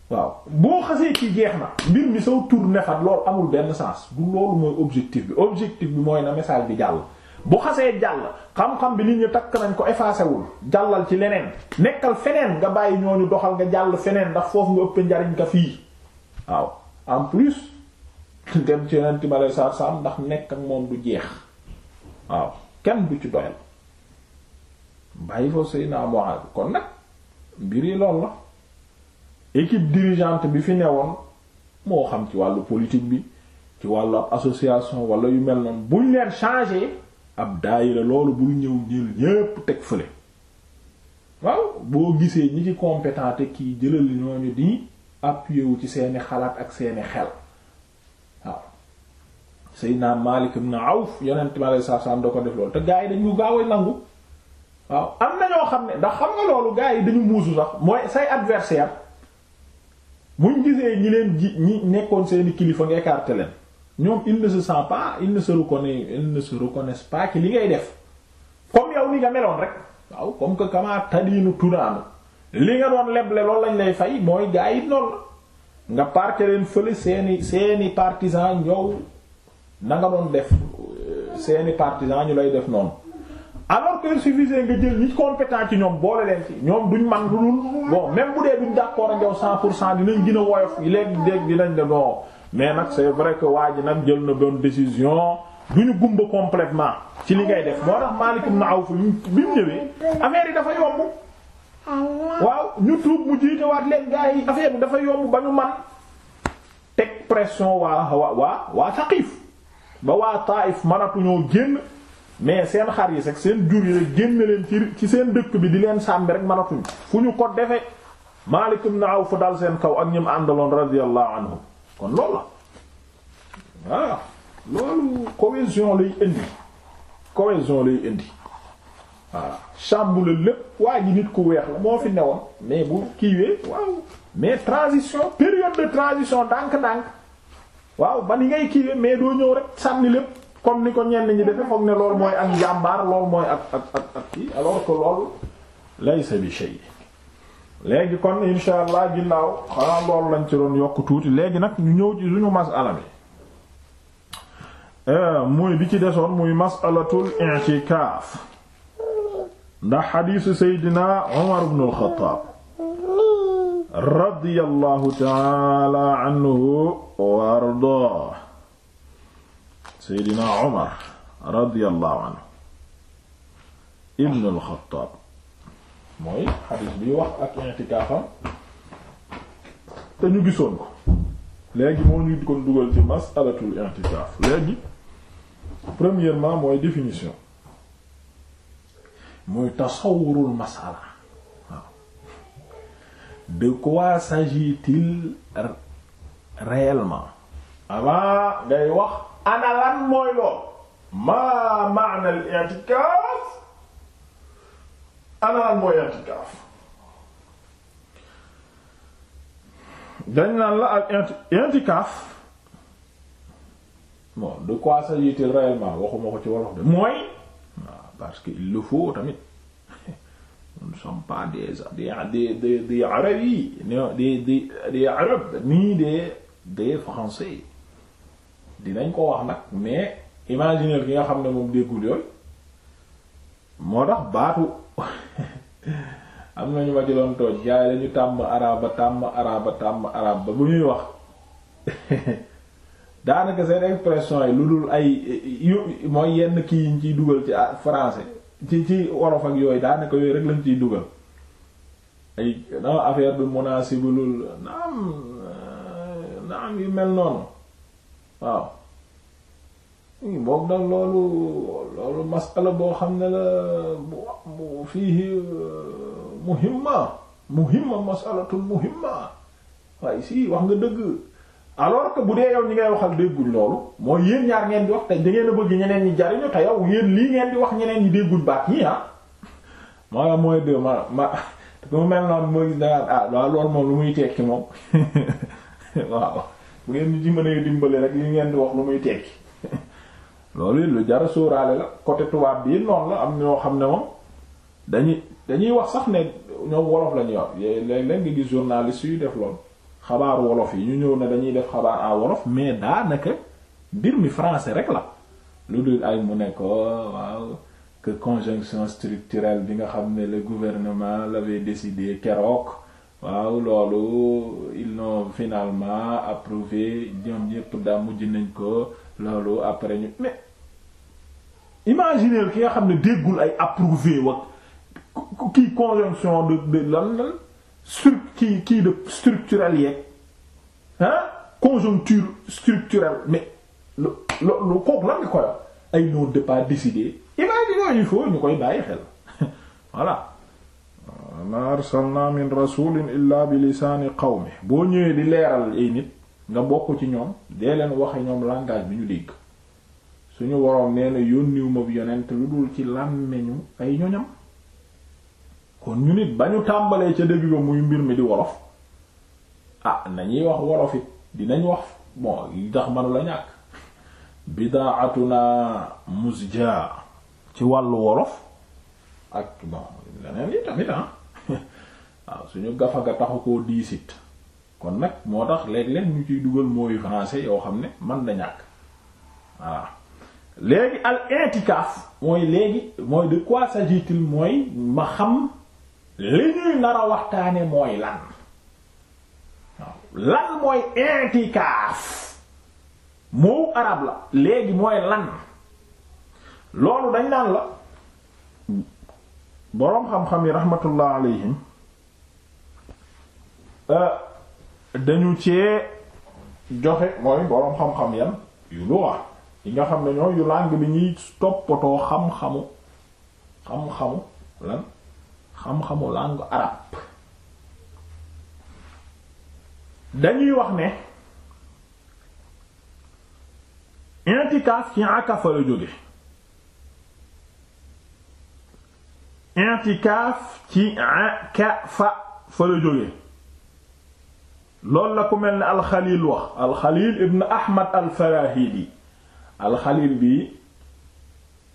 waaw boo xasee ci jeex na mbir mi saw tur nefat loolu amul benn sens bu loolu mooy objectif bi objectif bi mooy na message bi jàll bu xasee jàll xam-xam bi nit ñi takk nañ ko effacé wul jàllal ci leneen nekkal feneen nga bàyyi ñoo ñooñu doxal nga jàll feneen ndax foofu nga ëpp njariñ ko fii waaw en plus dem ci yonent bi aleyhi salaatu ndax nekk ak moom du jeex waaw kenn du ci doyal bàyyi fa Seydina Muaaz kon nag mbir yi lool la équipe dirigeante bi fi newoon moo xam ci wàllu politique bi ci wàllu association wala yu mel noonu buñ leen changer ab daayira loolu bul ñëw ñël ñépp teg fële waaw boo gisee ñi ci compétent te kii jëlal ñooñu di appuyer wu ci seeni xalaat ak seeni xel Seydina Malik ibn Auf yonent mi alayhi salaam da ko def loolu te gaa dañu gaaw a nangu waaw am na ñoo xam ne ndax xam nga loolu gaa yi dañu muusu sax mooy say adversaire buñ gisee ñi leen nekkoon seeni kilifa nga écarté leen ñoom il ne se pas il ne se reconnaît il ne se li ngay def comme yow ni nga meloon rek waaw comme que kama tadiinu tunaanu li nga doon leble loolu lañ lay fay mooy gaa yi noonu la nga parke leen fële na nga doon def euh, seeni partisans ñu lay def noonu alors que il suffisait nga jël ñi compétence ci ñoom boole leen ci ñoom duñ man lu dul bon même bu dee duñ d'accord a yow 100 pour cent dinañ gën a woyof léegi léegi dinañ de non mais nag c'est vrai que waa ji nag jël na doon décision duñu gumba complètement ci li ngay def moo tax na aw Awf bi mu ñëwee affaire dafa yomb. waaw ñu tuub mu jiite waat leen gars yi affaire bi dafa yomb ba ñu man teg pression waa waa waa waa ba waa Taif mënatuñoo génn mais seen xar yi sax seen jur yi rek génn leen ci seen dëkk bi di leen sàmmi rek mënatuñ fu ñu ko defee Maalik ibn fu dal seen kaw ak ñim àndaloon radiyallahu anhu kon loolu la waaw loolu cohésion lay indi cohésion lay indi waaw chamboule lépp waa ji nit ku weex la moo fi newoon mais bu kiiwee waaw mais transition période de transition ndànk-ndànk waaw ba li ngay kii mais doo ñëw rek sànni lépp comme ni ko ñenn ñi defe foog ne loolu mooy ak njàmbaar loolu mooy ak ak ak ak kii alors que loolu laysa bi shay léegi kon insha allah ginnaaw xanaa loolu lañ ci doon yokk tuuti léegi nag ñu ñëw ci suñu masala bi euh, muy bi ci desoon muy masalatul i'tikaf ndax xadiisu seydina Umar ibn al radiyallahu taala anhu wa ardaa seydina Umar radiyallahu anhu ibn al mooy xadiis bi wax ak i'tikaafam te ñu gisoon ko léegi moo ñu kon dugal ci masalatul i'tikaaf léegi premièrement mooy définition mooy tasawurul masala de quoi s'agit-il réellement avant ngay wax ana mooy lool maa maana al i'tikaaf mooy i'tikaaf dañ naan la al i'tikaaf bon de quoi s'agit-il réellement waxuma ko ci wolof de mooy ah, parce que il le faut tamit nous ne sommes pas des des des des yi des des de arabes nii des dinañ ko wax nag mais imaginer ki nga xam ne moom déggul yooyu moo tax baatu am nañu ma jëloon tooj yaay lañu tàmm araba tàmm araba tàmm arab ba bu ñuy wax daanaka seen expression yi lu dul ay mooy yenn kii yi ñu ciy dugal ci français ci ci wolof ak yooyu daanaka yooyu rek lañ ciy dugal ay na affaire bi munaasibul naam euh, naam yu mel noonu waaw boobu nag loolu loolu masala boo xam ne la bu fii euh, muhimma muhimma masalatul muhimma waaye si wax nga dëgg alors que bu dee yow ñi ngay waxal dégguñ loolu mooy yéen ñaar ngeen di wax te da ngeen a bëgg ñeneen ñi jariñu te yaw yéen lii ngeen di wax ñeneen ñi dégguñ baat ñi ah moo mooy de ma ma mu mel noonu mooy dangaan ah moom lu muy tekki moom waaw bu ngeen ñi ci mënee dimbali rek li ngeen di wax lu muy tekki loolu lu jara sóoraale la côté tubaab bii noonu la am ñoo xam ne moom dañuy dañuy wax sax ne ñoom wolof la ñuy wax léeg-léeg nga gis journaliste yu def loolu xabaar wolof yi ñu ñëw ne dañuy def xabaar a wolof mais daanaka mbir mi français rek la lu dul ay mu ne ko waaw que conjonction structurelle bi nga xam ne le gouvernement l'avait décidé keroog waaw loolu ils l'ont finalement approuvé ñoom ñépp daa mujj nañ ko loolu après ñu mais imaginez ki nga xam ne déggul ay approuvé wa kii conjonction de de lan lan sur kii kii de structurel yeeg ah conjoncture structurelle mais lu lu kooku lan nga koy ay non de pas décider eh imagine il faut ñu koy bàyyi xel voilà ma arsalna min rasulin illa bi lisaani qawmi boo ñëwee di leeral ay nit nga bokk ci ñoom dee leen waxe ñoom langage bi ñu dégg suñu waroon nee na yónniwu ma yonent lu dul ci làmmeñu ay ñoñam kon ñu nit ba ñu tàmbalee ca début ba muy mbir mi di wolof ah nañuy wax wolof it dinañ wax bon yi tax manu la ñàkk bidaatuna musja ci wàllu wolof ak bon leneen yi tamit ah. suñu gafa ga taxu koo diisit kon nag moo tax léeg-léeg ñu ciy dugal mooyu français yoo xam ne man da ñàkk voilà léegi al i'tikaf mooy léegi mooy de quoi sagit mooy ma xam li ñuy nar a waxtaane mooy lan waaw lan mooy intikaaf moo arab la léegi mooy lan loolu dañ naan la boroom xam-xam yi rahmatullah alayhim euh, dañu cee joxe mooy boroom xam-xam yan yu luwa yi nga xam ne ñoo yu langue bi ñuy toppatoo xam-xamu xam-xamu lan xam-xamu langue dañuy wax ne intikaaf ci akafa la jóge intikaaf ci akafa fa la jóge loolu la ku mel ne alxalil wax alxalil ibn ahmad alfarahidi alxalil bi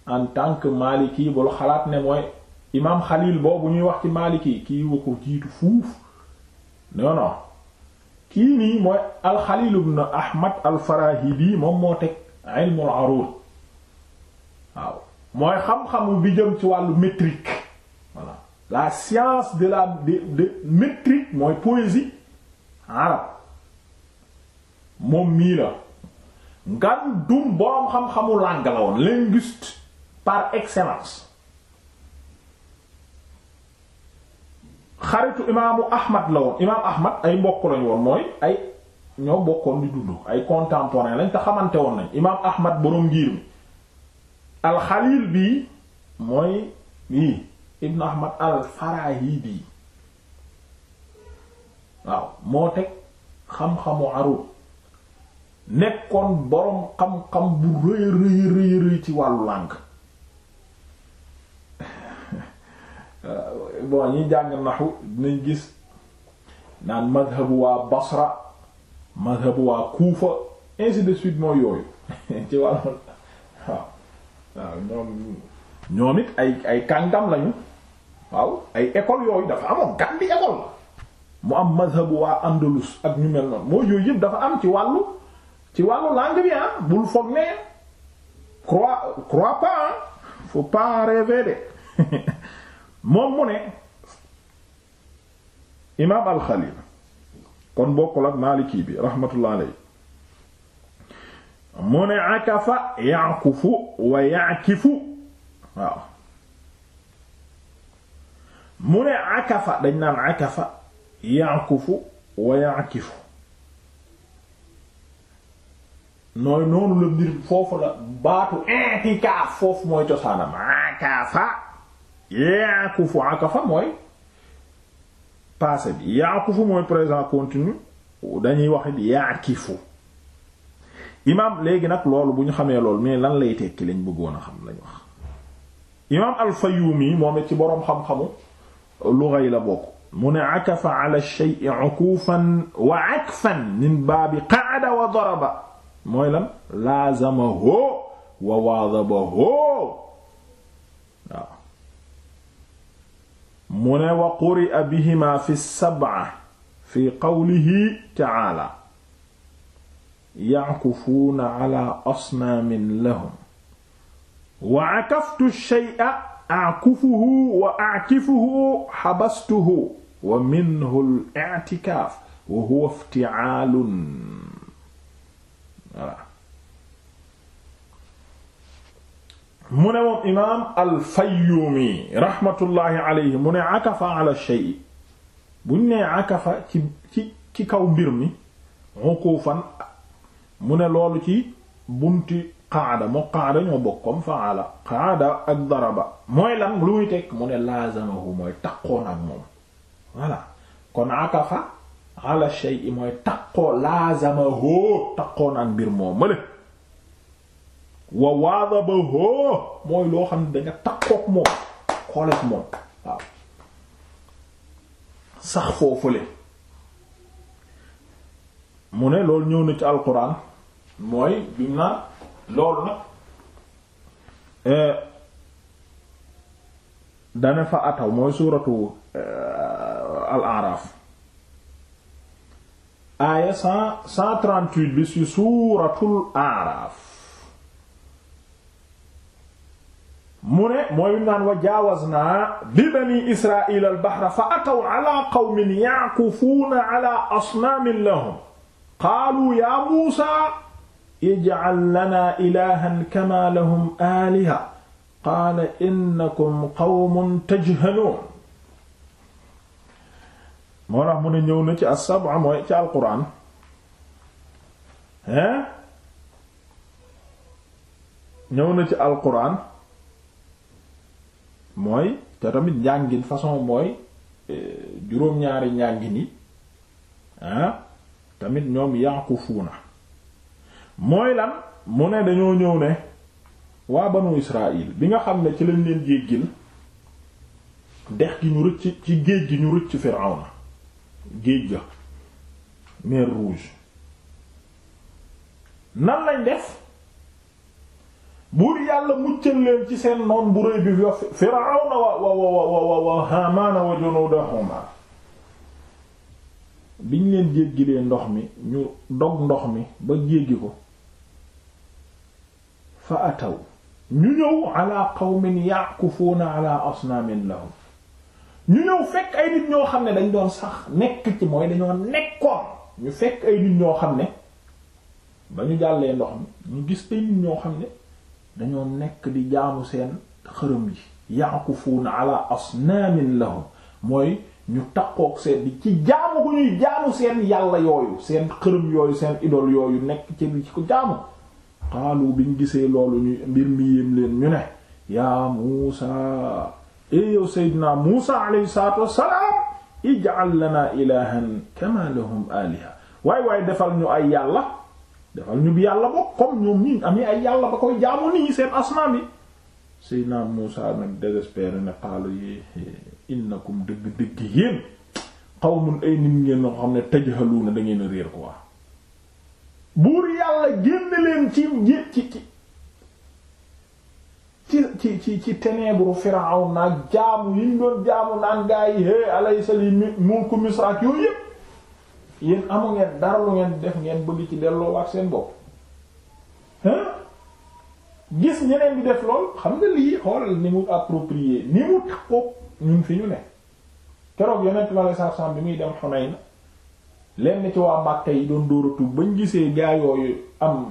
en tant que maliki bul xalaat ne mooy imaam Xalil boobu ñuy wax ci Maliki kii wa ko jiitu fuuf non kii nii mooy al-Xalil Ahmad al-Farahidi moom moo teg ilmul aruud waaw mooy xam-xamu bi jëm ci wàllu métrique la science de la de de métrique mooy poésie arabe moom mii la ngan dum boroom xam-xamu langue la woon linguiste par excellence xaritu imaamu Ahmad la woon imaam Ahmad ay mbokk lañ woon mooy ay ñoo bokkoon di dund ay contemporain lañ te xamante woon nañ imaam Ahmad boroom ngir mi alxalil bii mooy bii ibnu Ahmad alfaraahi bii waaw moo teg xam-xamu arud nekkoon boroom xam-xam bu rëy rëy rëy ci wàllu làng bon ñi jàng naxu dinañ gis naan madhabu waa Basra madhabu waa Kuufa ainsi de suite yooyu ci wàllu waaw ñoom ñoom it ay kàngam lañu waaw ay école yooyu dafa amoon gan bi école mu am madhabu waa Andalus ak ñu mel noonu mooy yooyu yëpp dafa am ci wàllu ci wàllu langue bi ah bul foog ne crois crois pas faut pas rêver de moom mu ne imaam alxalil kon bokkul ak maaliki bi raxmatullah aley mu ne akafa yaqufu wa yaqifu waaw mu ne akafa dañ naan akafa yaqufu wa yaqifu nooy noonu la mbir foofu la baatu intikaaf foofu mooy cosaanam akafa yaakufu mooy passé bi yaakufu présent continu dañuy wax it imaam léegi nag loolu bu ñu xamee loolu mais lan lay tekki lañ bëggoon a xam imaam al moom it ci boroom xam-xamu lugha la bokk mu ne akafa ala shay'i ukufan wa min baabi qa'ada wa daraba mooy lan laazamahu wa waadabahu waaw mu ne wa quri'a bihima fi sab'a fi qawlihi ta'ala ya'kufuuna ala asnaamin lahum wa akaftu shay'a a'kufuhu wa a'kifuhu habastuhu wa minhu al-i'tikaaf wa huwa ifti'aalun voilà mu ne moom imaam al-Fayyumi alayhi mu ne akafa ala shay buñ akafa ci kaw mbir mi uqufan mu ne loolu ci bunti qaada moo qaada ñoo bokk comme faala qaada ak daraba mooy lan lu muy teg mu ne laazamahu mooy taqoon ak moom voilà kon akafa ala shay mooy taqoo laazamahu taqoon ak mbir moom ma le wa waadabahu mooy loo xam ne danga takkook moom xooleek moom waaw sax foofule mu ne loolu ñëw na ci alquran mooy bi mu naan loolu nag eh, fa ataw mooy suuratu eh, al araaf aaya cent cent trente-huit bi ci suuratul araaf mu ne mooy naan wa jaawaznaa bi bani israa'iila al-bahra fa ataw alaa qawmin ya'kufuuna alaa asnaamin lahum qaaluu yaa muusaa ij'al lanaa ilaahan kamaa lahum aaliha qaala innakum qawmun tajhaluun moo tax mu ne ñëw na ci as-sab'a mooy ci alquraan hein ñëw na ci alquraan mooy te tamit njàngin façon mooy euh, juróom-ñaari njàngin yi ah, tamit ñoom yàqu fuuna mooy lan mu ne dañoo ñëw ne waa banu Israël bi nga xam ne ci lañ leen géej gi ñu rëcc ci géej gi ñu rëcc Firawna géej ga mer rouge nan lañ def buur yàlla muccal leen ci seen noon bu rëy bi Firawna wa wa wa wa wa Haamaana wa junuudahumaa biñ leen jéggilee ndox mi ñu dog ndox mi ba jéggi ko fa ataw ñu ñëw ala qawmin ya'kufuuna ala asnaamin lahum ñu ñëw fekk ay nit ñoo xam ne dañ doon sax nekk ci mooy dañoo nekkoon ñu fekk ay nit ñoo xam ne ba ñu jàllee ndox mi ñu gis ay nit ñoo xam ne dañoo nekk di jaamu seen xërëm yi ya'kufuuna ala asnaamin lahum mooy ñu takkook seen di ci jaamu ko ñuy jaamu seen yàlla yooyu seen xërëm yooyu seen idol yooyu nekk ci di ci ko jaamu xaalu biñ gisee loolu ñu mbir mi yéem leen ñu ne yaa Muusa ee eh yow Seydina Muusa alayhi salaatu lana ilahan kama lahum aliha waay waay defal ñu ay yàlla defal ñu bi yàlla bokk comme ñoom ñi amee ay yàlla ba koy jaamu nii seen asnaam yi Seydina Muusa nag désespéré ne xaalu yi innakum dëgg xam ne tajhaluuna da ngeen a réer quoi buur yàlla génn leen ci ci ci ci ci ci ci ténèbre Firawna jaamu yi ñu doon jaamu naan gaa yi é alaysa li mulku Misra ak yooyu yépp yéen amu ngeen dara lu ngeen def ngeen bëgg ci delloowaat seen bopp gis ñeneen di def lool xam nga lii xoolal ni mu approprié ni mu takkook ñun fi ñu ne keroog yonent ma la sarsam bi muy dem Hunayn lenn ci waa Makka yi doon dóor bañ gisee gaa yooyu am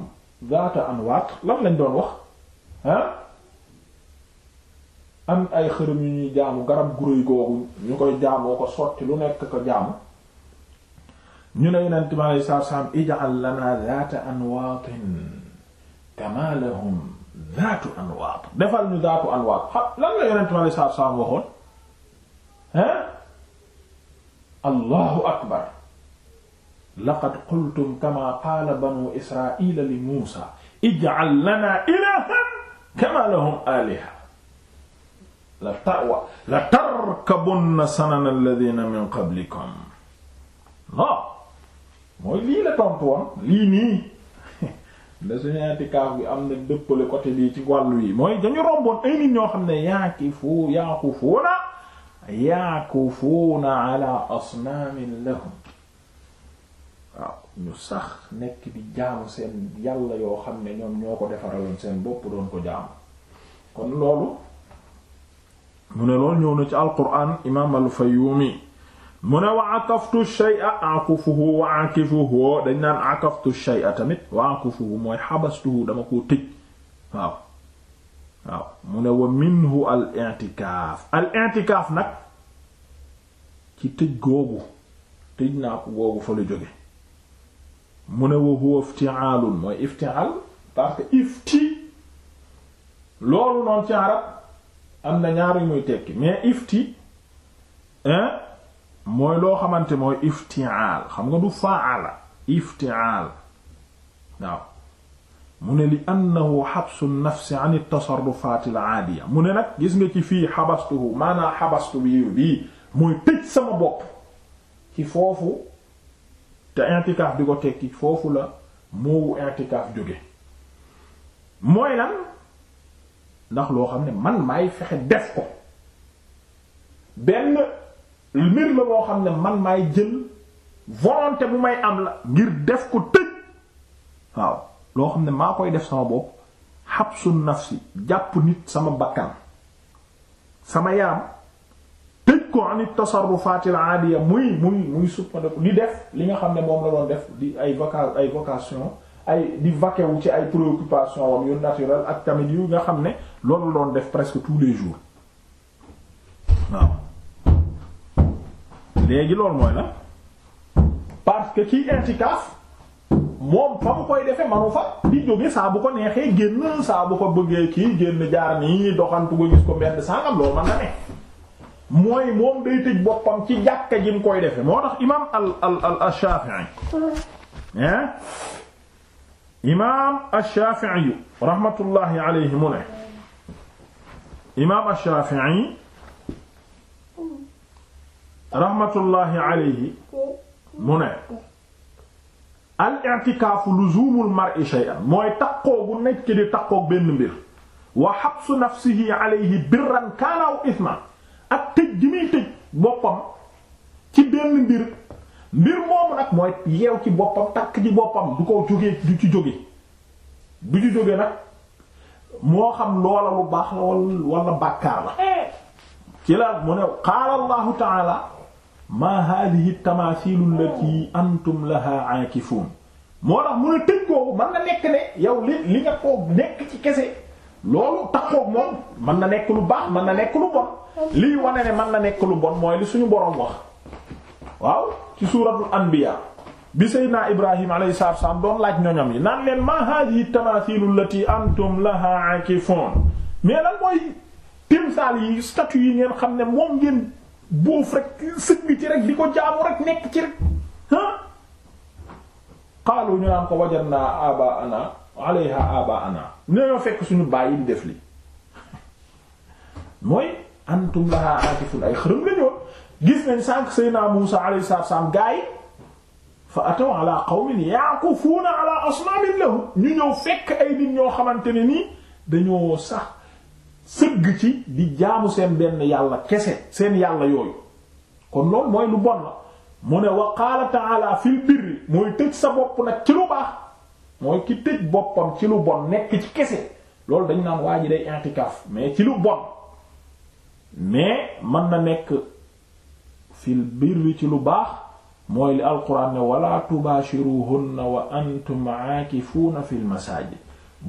zaata anwaat lan lañ doon wax ah am ay xërëm yu ñuy jaamu garab guréy googu ñu koy jaamoo ko sotti lu nekk ko jaamu ñu ne yonent bi aleyhi salaatu salaam ij'al lanaa zaata anwaatin kamaa lahum zaatu anwaat defal ñu zaatu anwaat xam lan la yonent bi aleyhi salaatu salaam waxoon hein allahu akbar laqad qultum kamaa qaala banuu israa'iila li muusaa ij'al lanaa ilaahan kamaa lahum aaliha la tawa la tarkabunna sanana alladhiina min qablikum Allah mooy lii la tontu woon lii nii da suñu intikaaf bi am na dëppale côté bii ci wàllu yi mooy dañu romboon ay nit ñoo xam ne yaakifu yaakufuuna yaakufuuna ala asnaamin lahum waaw ñu sax nekk di jaamu seen yàlla yoo xam ne ñoom ñoo ko defaraloon seen bopp doon ko jaamu kon loolu mu ne loolu ñëw na ci alquran imaam al mu ne wa akaftu shay'a akufuhu wa akifuhu dañ naan akaftu shay'a tamit wa akufuhu mooy xabastuhu dama koo tëj waaw waaw mu ne wa minhu al i'tikaaf nag ci tëj googu tëj naa ko googu fa la jóge mu ne wa huwa ifti'aalun mooy ifti'aal parce que ifti loolu noonu ci arab am na ñaari muy tekki mais ifti hein mooy loo xamante mooy iftial xam nga du faala iftial waaw mu ne li annahu xabsu nafsi an tasarrufaat al aadiya mu ne nag gis nga ci fii xabastuhu maanaa xabastu bi bii mooy tëj sama bopp ci foofu te intikaaf di ko tekki foofu la moowu intikaaf jóge mooy lan ndax loo xam ne man maay fexe def ko benn mbir la boo xam ne man maay jël volonté bu may am la ngir def ko tëj waaw loo xam ne maa koy def sama bopp xabsu nafsi jàpp nit sama bakkan sama yaram tëj ko ani tasarrufatil aadiya muy muy muy suppandeku di def li nga xam ne moom la doon def di ay voca ay vocation ay di vaqué wu ci ay préoccupation wam yu naturel ak tamit yu nga xam ne loolu la doon def presque tous les jours waaw léegi loolu mooy la parce que ci intikaaf moom fa mu koy defee manu fa di jóge saa ko neexee génn saa bu ko bëggee ci génn jaar nii doxantu ko gis ko benn sangam loolu man na ne mooy moom day tëj boppam ci jàkka ji mu koy defee moo tax imaam al al al al Shafi'i hein imaam al Shafi'i rahmatullahi alayhi mu ne imaam al Shafi'i raxmatullaahi alayhi mu ne al i'tikaafu luzumul mar'i shay'an mooy takkoo nekk di takkook benn mbir wa xabsu nafsihi alayhi kaana aw isman ak tëj gi muy tëj boppam ci benn mbir mbir moomu nag mooy yeew ci boppam takk ci boppam du ko jógee du ci jóge du ci jóge nag moo xam loola lu baax la wala bàkkaar la eh. ci la mu ne qaala allahu taala maa haadihi tamaasilu lati antum laha aakifuun moo tax mun a tëj kooku mën na nekk ne yow li li nga koo nekk ci kese loolu taxoog moom mën na nekk lu baax mën na nekk lu bon lii wane ne man na nekk lu bon mooy li suñu boroom wax waaw ci suuratul anbiyaa bi seydinaa ibrahim alayhi salaatu wassalaam doon laaj ñoñam yi naan leen maa haadihi tamaasilu lati antum laha aakifuun mais lan mooy timsaal yi statue yi ngeen xam ne moom ngeen boof rek sëg bi ci rek ko jaamu rek nekk ci rek ah ñu naan ko wajan naa aba ana alayha aba ana ñoo def li mooy antum laha aakifun ay xërëm lañu gis nañ sànq sayna Musa alayhi salaam gaay fa ataw ala qawmin yaakufuuna ala asnaamin lahum ñu ñëw fekk ay nit ñoo xamante ne nii dañoo sax sëgg ci di jaamu seen benn yàlla kese seen yàlla yooyu kon loolu mooy lu bon la mu ne wa qaala ta'ala fil birri mooy tëj sa bopp nag ci lu baax mooy ki tëj boppam ci lu bon nekk ci kese loolu dañ naan waa ji day intikaaf mais ci lu bon mais mën na nekk fil birri ci lu baax mooy li alquran ne wala tubashiruhunna wa antum aakifuuna fil masaajid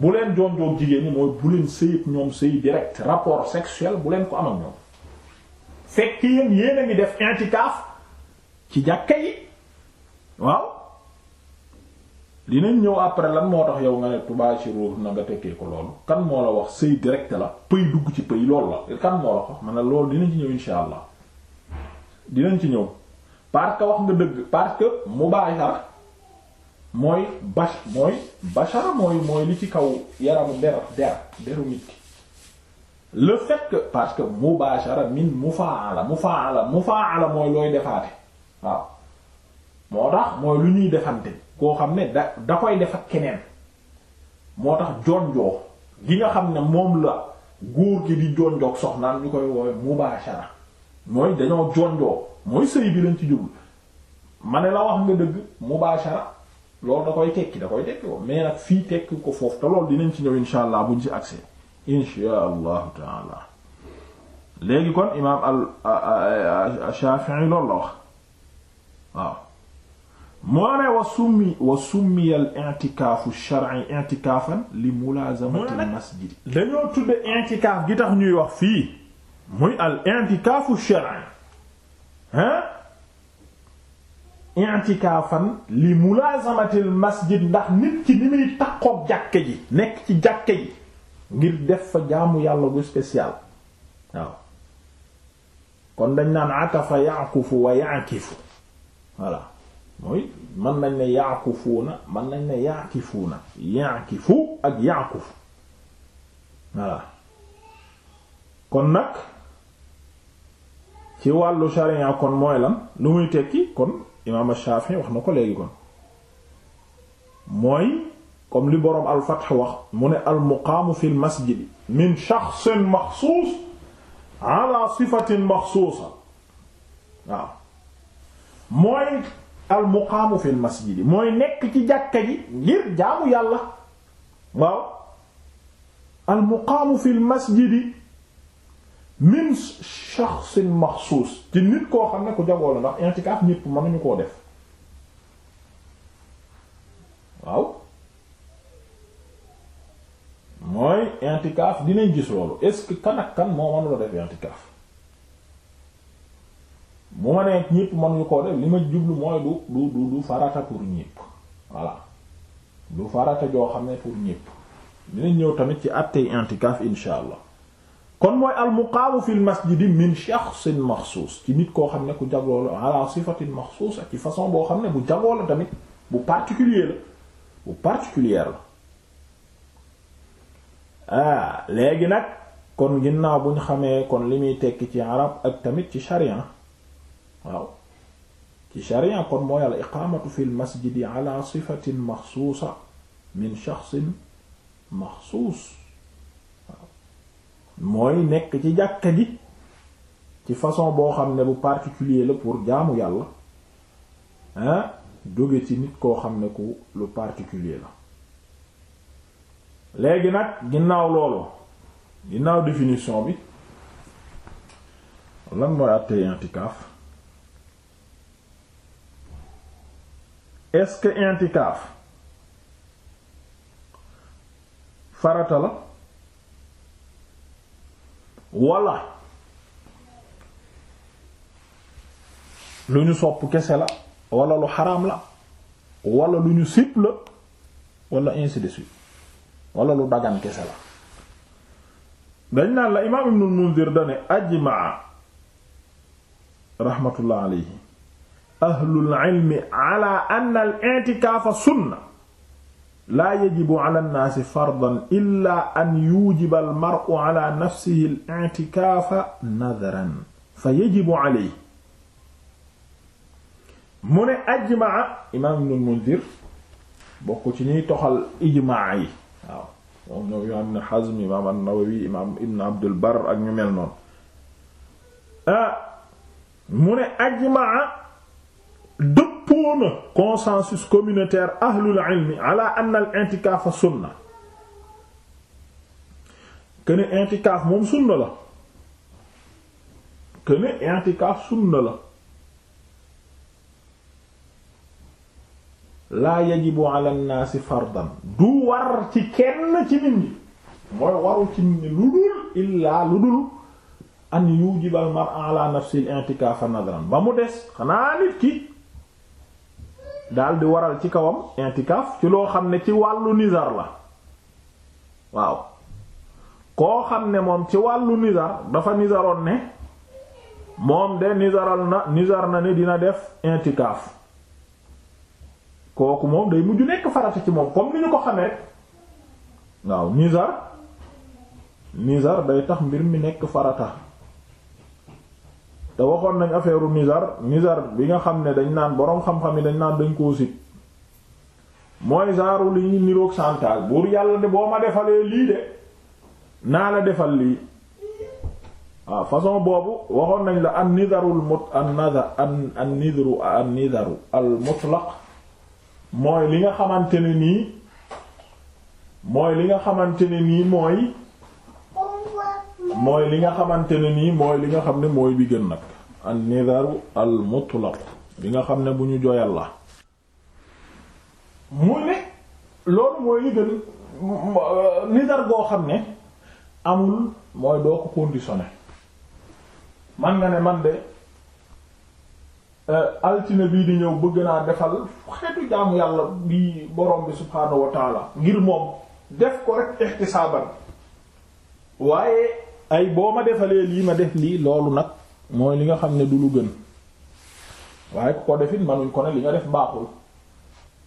bu leen jonjoog jigéen ñi mooy bu leen sëy ñoom sëy direct rapport sexuel bu leen ko am ak ñoom fekk yéen yéen a ngi def intikaaf ci jàkka yi waaw dinañ ñëw après lan moo tax yow nga ne tubaashiru na nga tekkee ko loolu kan moo la wax sëy direct la pëy dugg ci pëy loolu la kan moo la wax man ne loolu dinañ ci ñëw insha allah dinañ ci ñëw parce wax nga dëgg parce que mu baax mooy bach mooy bachara mooy mooy li ci kaw yaramu der der deru nit ki le fait que parce que mubashara min mufaala mufaala mufaala mooy looy defaate waaw moo tax mooy lu ñuy defante koo xam ne da da koy def ak keneen moo tax jonjoo gi nga xam ne moom la góor gi di jonjoog soxnaan ñu koy woowe mubashara mooy dañoo jonjoo mooy sëy bi lañ ci jublu ma ne la wax nga dëgg mubashara loolu da koy tekki da koy tekki ko mais nag fii tekki ko foofu te loolu dinañ ci ñëw insha allah buñ ci accès insha allahu taala léegi kon imaam al Shafi'i loolu la wax waaw moo ne wa summi wa summiya al i'tikaafu shar'i i'tikaafan li mulaazamati al masjid dañoo tudde i'tikaaf gi tax ñuy wax fii muy al i'tikaafu shar'i hein i'tikaafan li mulaazamatil masjid ndax nit ki ni muy takkook jàkke ji nekk ci jàkke ji ngir def fa jaamu yàlla gu spécial waaw kon dañ naan atafa yaakufu wa yaakifu voilà mooy mën nañ ne yaakufuuna mën nañ ne yaakifuuna yaakifu ak yaakufu voilà kon nag ci wàllu sharia kon mooy lan lu muy tekki kon imaam Shaafi'i wax na ko léegi kon mooy comme li boroom al-Fath wax mu ne al-muqaamu fi al-masjid min shakhsin maxsuus ala sifatin maxsuusa waaw mooy al-muqaamu fi al-masjid mooy nekk ci jàkka ji ngir jaamu yàlla waaw al-muqaamu fi al-masjid min shaxsin maxsuus ci nit koo xam ne ku jagoo la ndax intikaaf ñépp mënuñu koo def waaw mooy intikaaf dinañ gis loolu est-ce que kan ak kan moo mënula def intikaaf mu ma nee ñépp mënuñu koo def li ma jublu mooy du du du farata pour ñépp voilà du farata joo xam ne pour ñépp dinañ ñëw tamit ci àttey intikaaf insha kon mooy al muqaamu fil masjidi min shaxsin maxsuus ci nit koo xam ne ku jagloo la ala sifatin maxsuusa ci façon boo xam ne bu jagloo la tamit bu particulier la bu particulière la ah léegi nag kon ginnaaw bu ñu xamee kon li muy tekki ci arab ak tamit ci sharia waaw ci sharia kon mooy al iqaamatu fil masjidi ala sifatin maxsuusa min shaxsin maxsuus mooy nekk ci jàkka gi ci façon boo xam ne bu particulier la pour jaamu yàlla hein jóge ci nit koo xam ne ku lu particulier la léegi nag ginnaaw loolu ginnaaw définition bi lan mooy àttee intikaaf est-ce que intikaaf farata la wala lu ñu sopp kese la wala lu xaraam la wala lu ñu sip la wala ainsi de suite wala lu dagan kese la dañ naan la imaam ibnul mundir dane ajmaa raxmatullah alayhi ahlul ilmi ala al i'tikaafa sunna laa yajibu ala nnaasi fardan illa an yujiba almaru ala nafsihi al-i'tikaafa nadran fa yajibu alayhi mu ne ajmaa imaam ibnul Munzir bokk ci ñuy toxal ijmaa yi waaw moom ñoom imaam ibn Hazm imaam an-Nawawi imaam ibn Abdul Barr ak ñu mel noonu ah mu ne ajmaa dëppoo na consensus communautaire ahlul ilmi ala anna al i'tikaaf sunna këne i'tikaaf moom sunna la këne i'tikaaf sunna la laa yajibu ala an-naasi fardan du war ci kenn ci nit ñi mooy waru ci nit ñi lu dul illaa lu dul an yujiba al mar'a ala nafsi al i'tikaaf nadran ba mu des xanaa nit ki daal di waral ci kawam intikaaf ci loo xam ne ci wàllu nizar la waaw koo xam ne moom ci wàllu nizar dafa nisaroon ne moom de nizaral na nizar na ni dina def intikaaf kooku moom day mujj nekk farata ci moom comme ni ñu ko xamee waaw nizar nizar day tax mbir mi nekk farata te waxoon nañ affaire nizar nizar bi nga xam ne dañ naan boroom xam-xam yi dañ naan dañ koo sit mooy saaru li ñu niroog chantage buur yàlla de boo ma defalee lii de naa la defal lii waaw ah, façon boobu waxoon nañ la an nizarul mut an nazar an an al mutlaq mooy li nga xamante ne nii mooy li nga xamante ni nii mooy mooy li nga xamante ne nii mooy li nga xam ne mooy bi gën nag an nidaru al bi nga xam ne bu ñu joyal la mu ne loolu mooy li gën goo xam ne amul mooy doo ko conditionné man nga ne man de euh, altine bii di ñëw bëgg naa defal xeetu jaamu yàlla bi borom bi subhaanahu wa ngir moom def ko rek ixtisaaban waaye ay boo ma defalee lii ma def lii loolu nag mooy li nga xam ne du lu gën waaye ku ko defit manuñ ko ne li nga def baaxul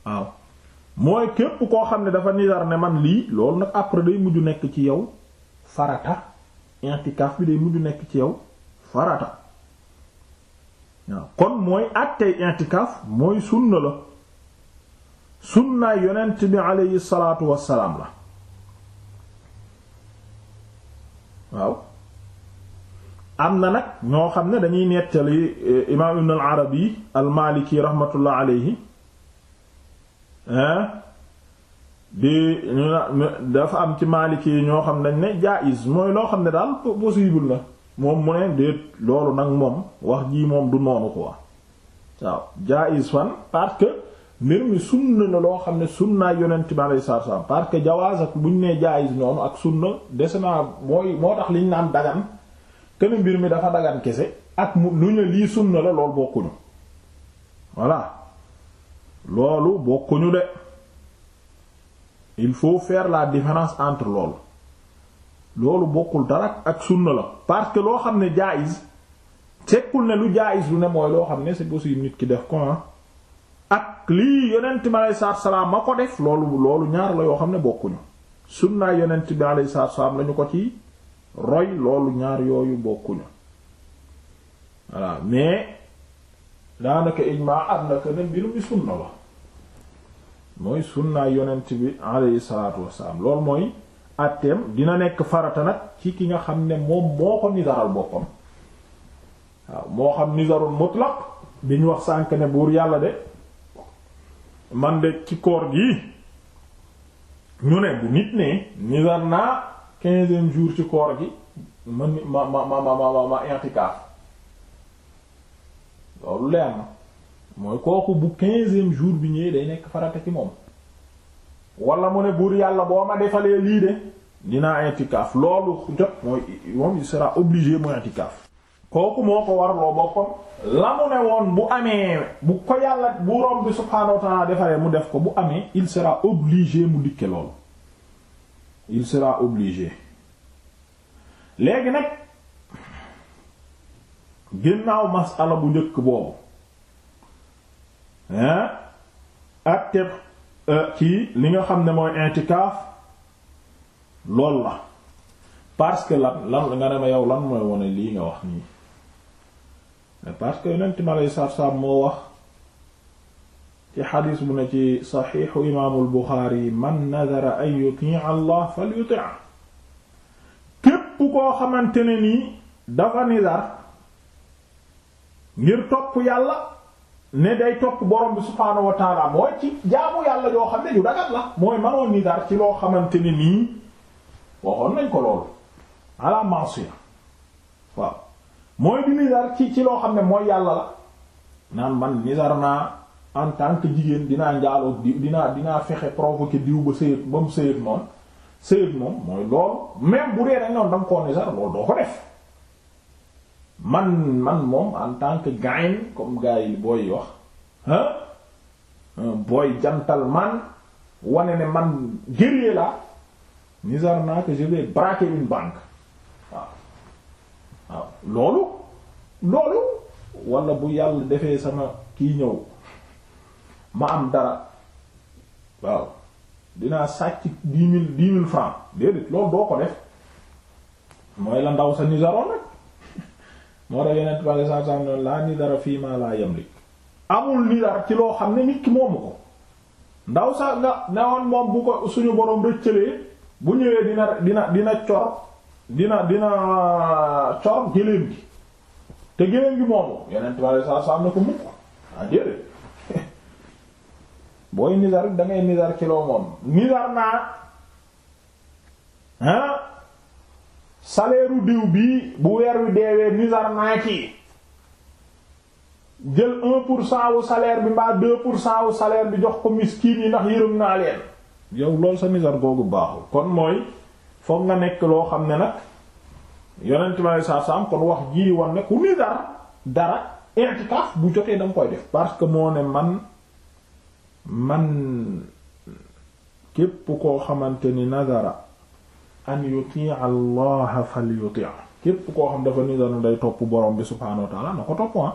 waaw mooy képp koo xam ne dafa nidar ne man lii loolu nag après day mujj nekk ci yow farata intikaaf bi day mujj nekk ci yow farata waaw kon mooy àttey intikaaf mooy sunna la sunnaay yonent bi aleyhi salaatu wassalaam la waaw am na nag ñoo xam ne dañuy nettali eh, imaam ibn al arabi al maliki rahmatullah alayhi bi dafa am ci maaliki ñoo xam ne dañ ne jaiz mooy loo xam ne daal possible la moom mu ne déet loolu nag moom wax jii moom du noonu quoi waaw jaiz fan parce que mbir mi sunna la loo xam ne sunnaa yonent bi alayhi salaatu parce que jawaaz ak buñ nee jaayiz noonu ak sunna dese mooy moo tax liñ naan dagan kenn mbir mi dafa dagan kese ak mu lu ñu lii sunna la voilà loolu bokkuñu il faut faire la différence entre loolu loolu bokkul dara ak sunna la parce que loo xam ne jaayiz tekkul ne lu jaayiz lu ne mooy loo xam ne c'est possible nit ki def ko ak lii yonent bi alayhi salaatu salaam ma ko def loolu loolu ñaar la yoo xam ne bokkuñu sunna yonent bi alayhi salaatu salaam lañu ko ci roy loolu ñaar yooyu bokkuñu voilà mais daanaka ijmaa am na que ne mbirum bi sunna la mooy sunna yonent bi alayhi salaatu wasalaam loolu mooy àtteem dina nekk farata nag ci ki nga xam ne moom moo ko nizaral boppam waaw moo xam nizarul mutlaq bi ñu wax sànk ne buur yàlla de man de ci koor gi ñu ne bu nit ne nisar naa quinzième jour ci koor gi man ma ma ma ma ma ma i'tikaaf loolu leer na mooy kooku bu quinzième jour bi ñëwee day nekk farata ci moom wala mu ne buur yàlla boo ma defalee lii de dinaa i'tikaaf loolu jot mooy moom il sera obligé mu i'tikaaf kooku moo ko warloo boppam la ne woon bu amee bu ko yàlla bu rom bi subhaanahu defaree mu def ko bu amee il sera obligé mu dikke loolu il sera obligé léegi nag ginnaaw masala bu njëkk boobu hein ak teb euh, kii li nga xam ne mooy intikaaf lool la parce que lan lan nga ne ma yow lan mooy wone lii nga wax nii parce que yonent mi aleyhi salaatu salaam moo wax ci xadiis bu ne ci saxiixu imaamul Buxaari man nadara an yutia allah fal yutia képp koo xamante ne nii dafa nidar ngir topp yàlla ne day topp borom bi subhaanahu wa mooy ci jaamu yàlla yoo xam ne yu dagat la mooy mënoo nidar ci loo xamante ne nii waxoon nañ ko loolu ala maasiya waaw mooy di nizar ci loo xam ne mooy yàlla la naan man nizar naa en tant jigéen dinaa njaaloo dinaa dinaa fexe provoquer diw ba sëyët ba mu sëyët noonu sëyët moom mooy loolu même bu dee dañ noonu danga koo nizar loolu doo ko def man man moom en tant que gain comme gars yi booy yi wax ah booy jantal man wane ne man guerrier la nizar naa que je vais braquer une banque loolu loolu wala bu yàlla defee sama kii ñëw ma am dara waaw dinaa sàcc dix mille dix mille francs déedéet loolu doo ko def mooy la ndaw sa nisaroon rek moo tax yeneen par exemple noonu laa nisara fii ma laa yamlik amul nisar ci loo xam ne nit ki moomu ko ndaw sa nga newoon moom bu ko suñu borom rëccalee bu ñëwee dina dina dina cor dina dina cor géléem gi te géléem gi moomu yeneen time ale saa saam na ko mukk ah déedéet booy nizar da ngay nizar moom nizar naa ah saleeru diw bii bu weer wi deewee nizar naa ci jël un pour cent wu bi mbaa deux pour cent wu bi jox ko miskin yi ndax yërëm naa leen yow loolu sa nizar googu baaxul kon mooy foog nga nekk loo xam ne nag yonent ma saa saam kon wax jii wan ne ku ni dara dara bu jotee danga koy def parce que moo ne man man képp koo xamante ni nadara an yuti allah fal yuti képp koo xam dafa nidara day topp borom bi subhaanahu wa na ko topp ah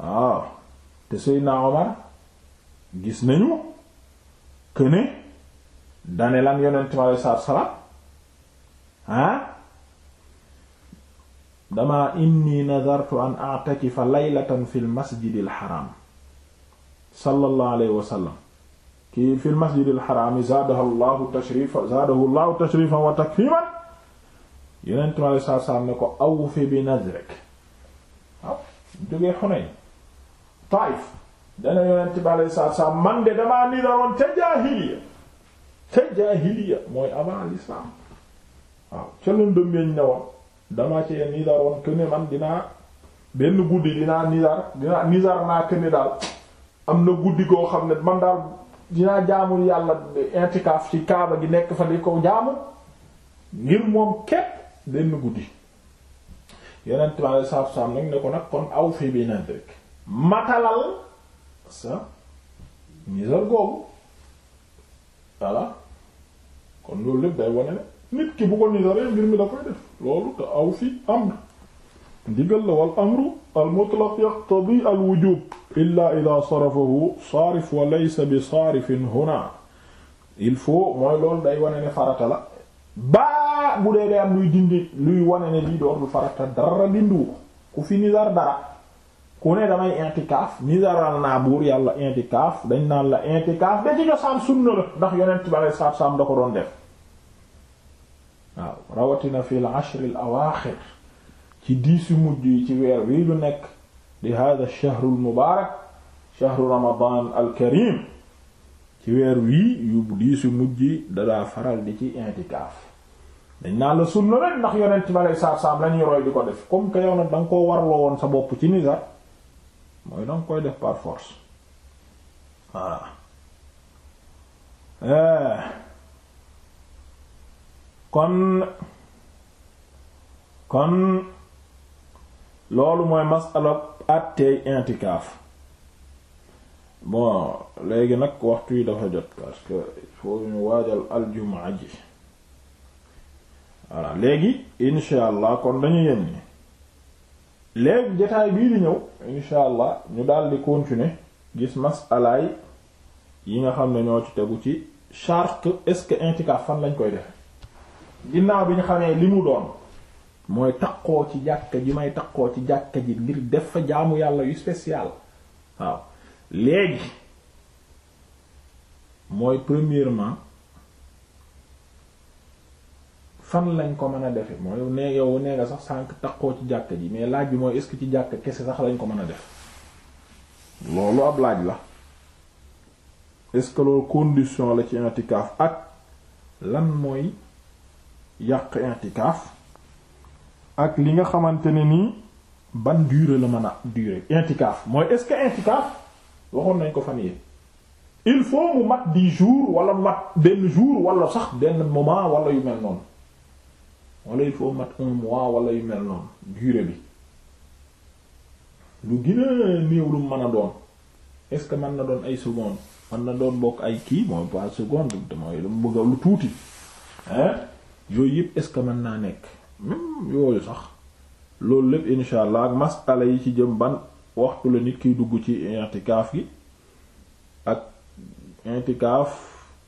waaw te Seydina Omar gis nañu que dane lan yonent mi alei ah? dama inni nadartu an a'takifa laylatan fil masjidil haram sallallahu alayhi wa sallam kii fil masjidil haram zaadahu llahu tashrifan zaadahu llahu tashrifan ne ko awfi bi nadrik waaw jógee Hunayn Taayif dana yonent bi man de damaa nidaroon ca jaahiliya ca jaahiliya mooy avant l'islam waaw ca lëndëm yañ ne woon dama ci nizaroon que ne man dinaa benn guddi dinaa nizar dinaa nizar naa que daal am na guddi goo xam ne man daal dinaa jaamul yàlla intikaaf ci kaaba gi nekk fa di ko jaamu ngir moom képp benn guddi yeneen temades saaf saaf nag ne ko nag kon aw fii bi naan matalal sa nizar googu voilà kon loolu lépp day wane ne nit ki bu ko nisaree mbir mi da def loolu te aw fi amr ndigal la wal amru al mutlaq yaqtadi al wujub illa ida sarafahu saarif wa laysa bi saarifin huna il faut mooy loolu day wane ne farata la baa bu dee day am luy dindi luy wane ne lii doon lu farata dara dindu ku fi nisar dara ku ne damay intikaaf nisaral naa buur yàlla intikaaf dañ naan la intikaaf da ci cosaan sunna la ndax yonent bi sallallahu alayhi wasallam da doon def rawatina fi al-ashr al-awaaxir ci diis yu ci weer wi lu nekk di hada ash-shahr al-mubaarak shahru ramadan al-karim ci weer wii yu diis yu mujj yi dadaa faral di ci intikaaf dañ naa la sunna rek ndax yonent ba lay saab-saab lañuy roy di ko def kom que yow nag da nga koo warloo woon sa boppu ci nizar mooy danga koy def par force voilà eh. kon kon loolu mooy masala àtteey intikaaf bon léegi nag waxtu yi dafa jot parce que il faut ñu waajal aljumaa ji voilà léegi insha allah kon dañu yem ni léegi jotaay bii di ñëw insha allah ñu daal di continuer gis masalaay yi nga xam ne ñoo ci tegu ci charte est-ce que intikaaf fan lañ koy def ginnaaw bi ñu xamee li mu doon mooy takkoo ci jàkka ji may takkoo ci jàkka ji ngir def fa jaamu yàlla yu spécial waaw léegi mooy premièrement fan lañ ko mën a defe mooy ne yow nee nga sax sànq takkoo ci jàkka ji mais laaj bi mooy est-ce ci jàkka kese sax lañ ko mën a def loolu ab laaj la est loolu condition la ci intikaaf ak lan mooy yàq intikaaf ak li nga xamante ne nii ban durée la mën a durée intikaaf mooy est-ce que waxoon nañ ko fan yee il faut mu mat dix jour wala mat benn jour wala sax benn moment wala yu mel noonu wala il faut mat un mois wala yu mel noonu durée bi lu gën a néew lu mën a doon est-ce que mën na doon ay secondes mën na doon bokk ay kii mooy pas seconde mooy lu mu bëgg lu tuuti hein yooyu yëpp est-ce que mën naa nekk yooyu sax loolu lépp insha allah ak masala yi ci jëm ban waxtu la nit kiy dugg ci intikaaf gi ak intikaaf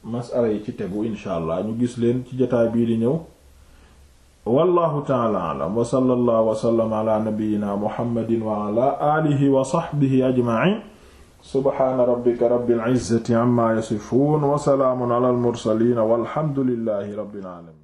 masala yi ci tegu insha ñu gis leen ci jotaay bii di ñëw wallahu taala alam wa sallallahu wa sallam ala nabiyyina muhammadin wa ala wa sahbihi ajma'in walhamdulillahi rabbil alamin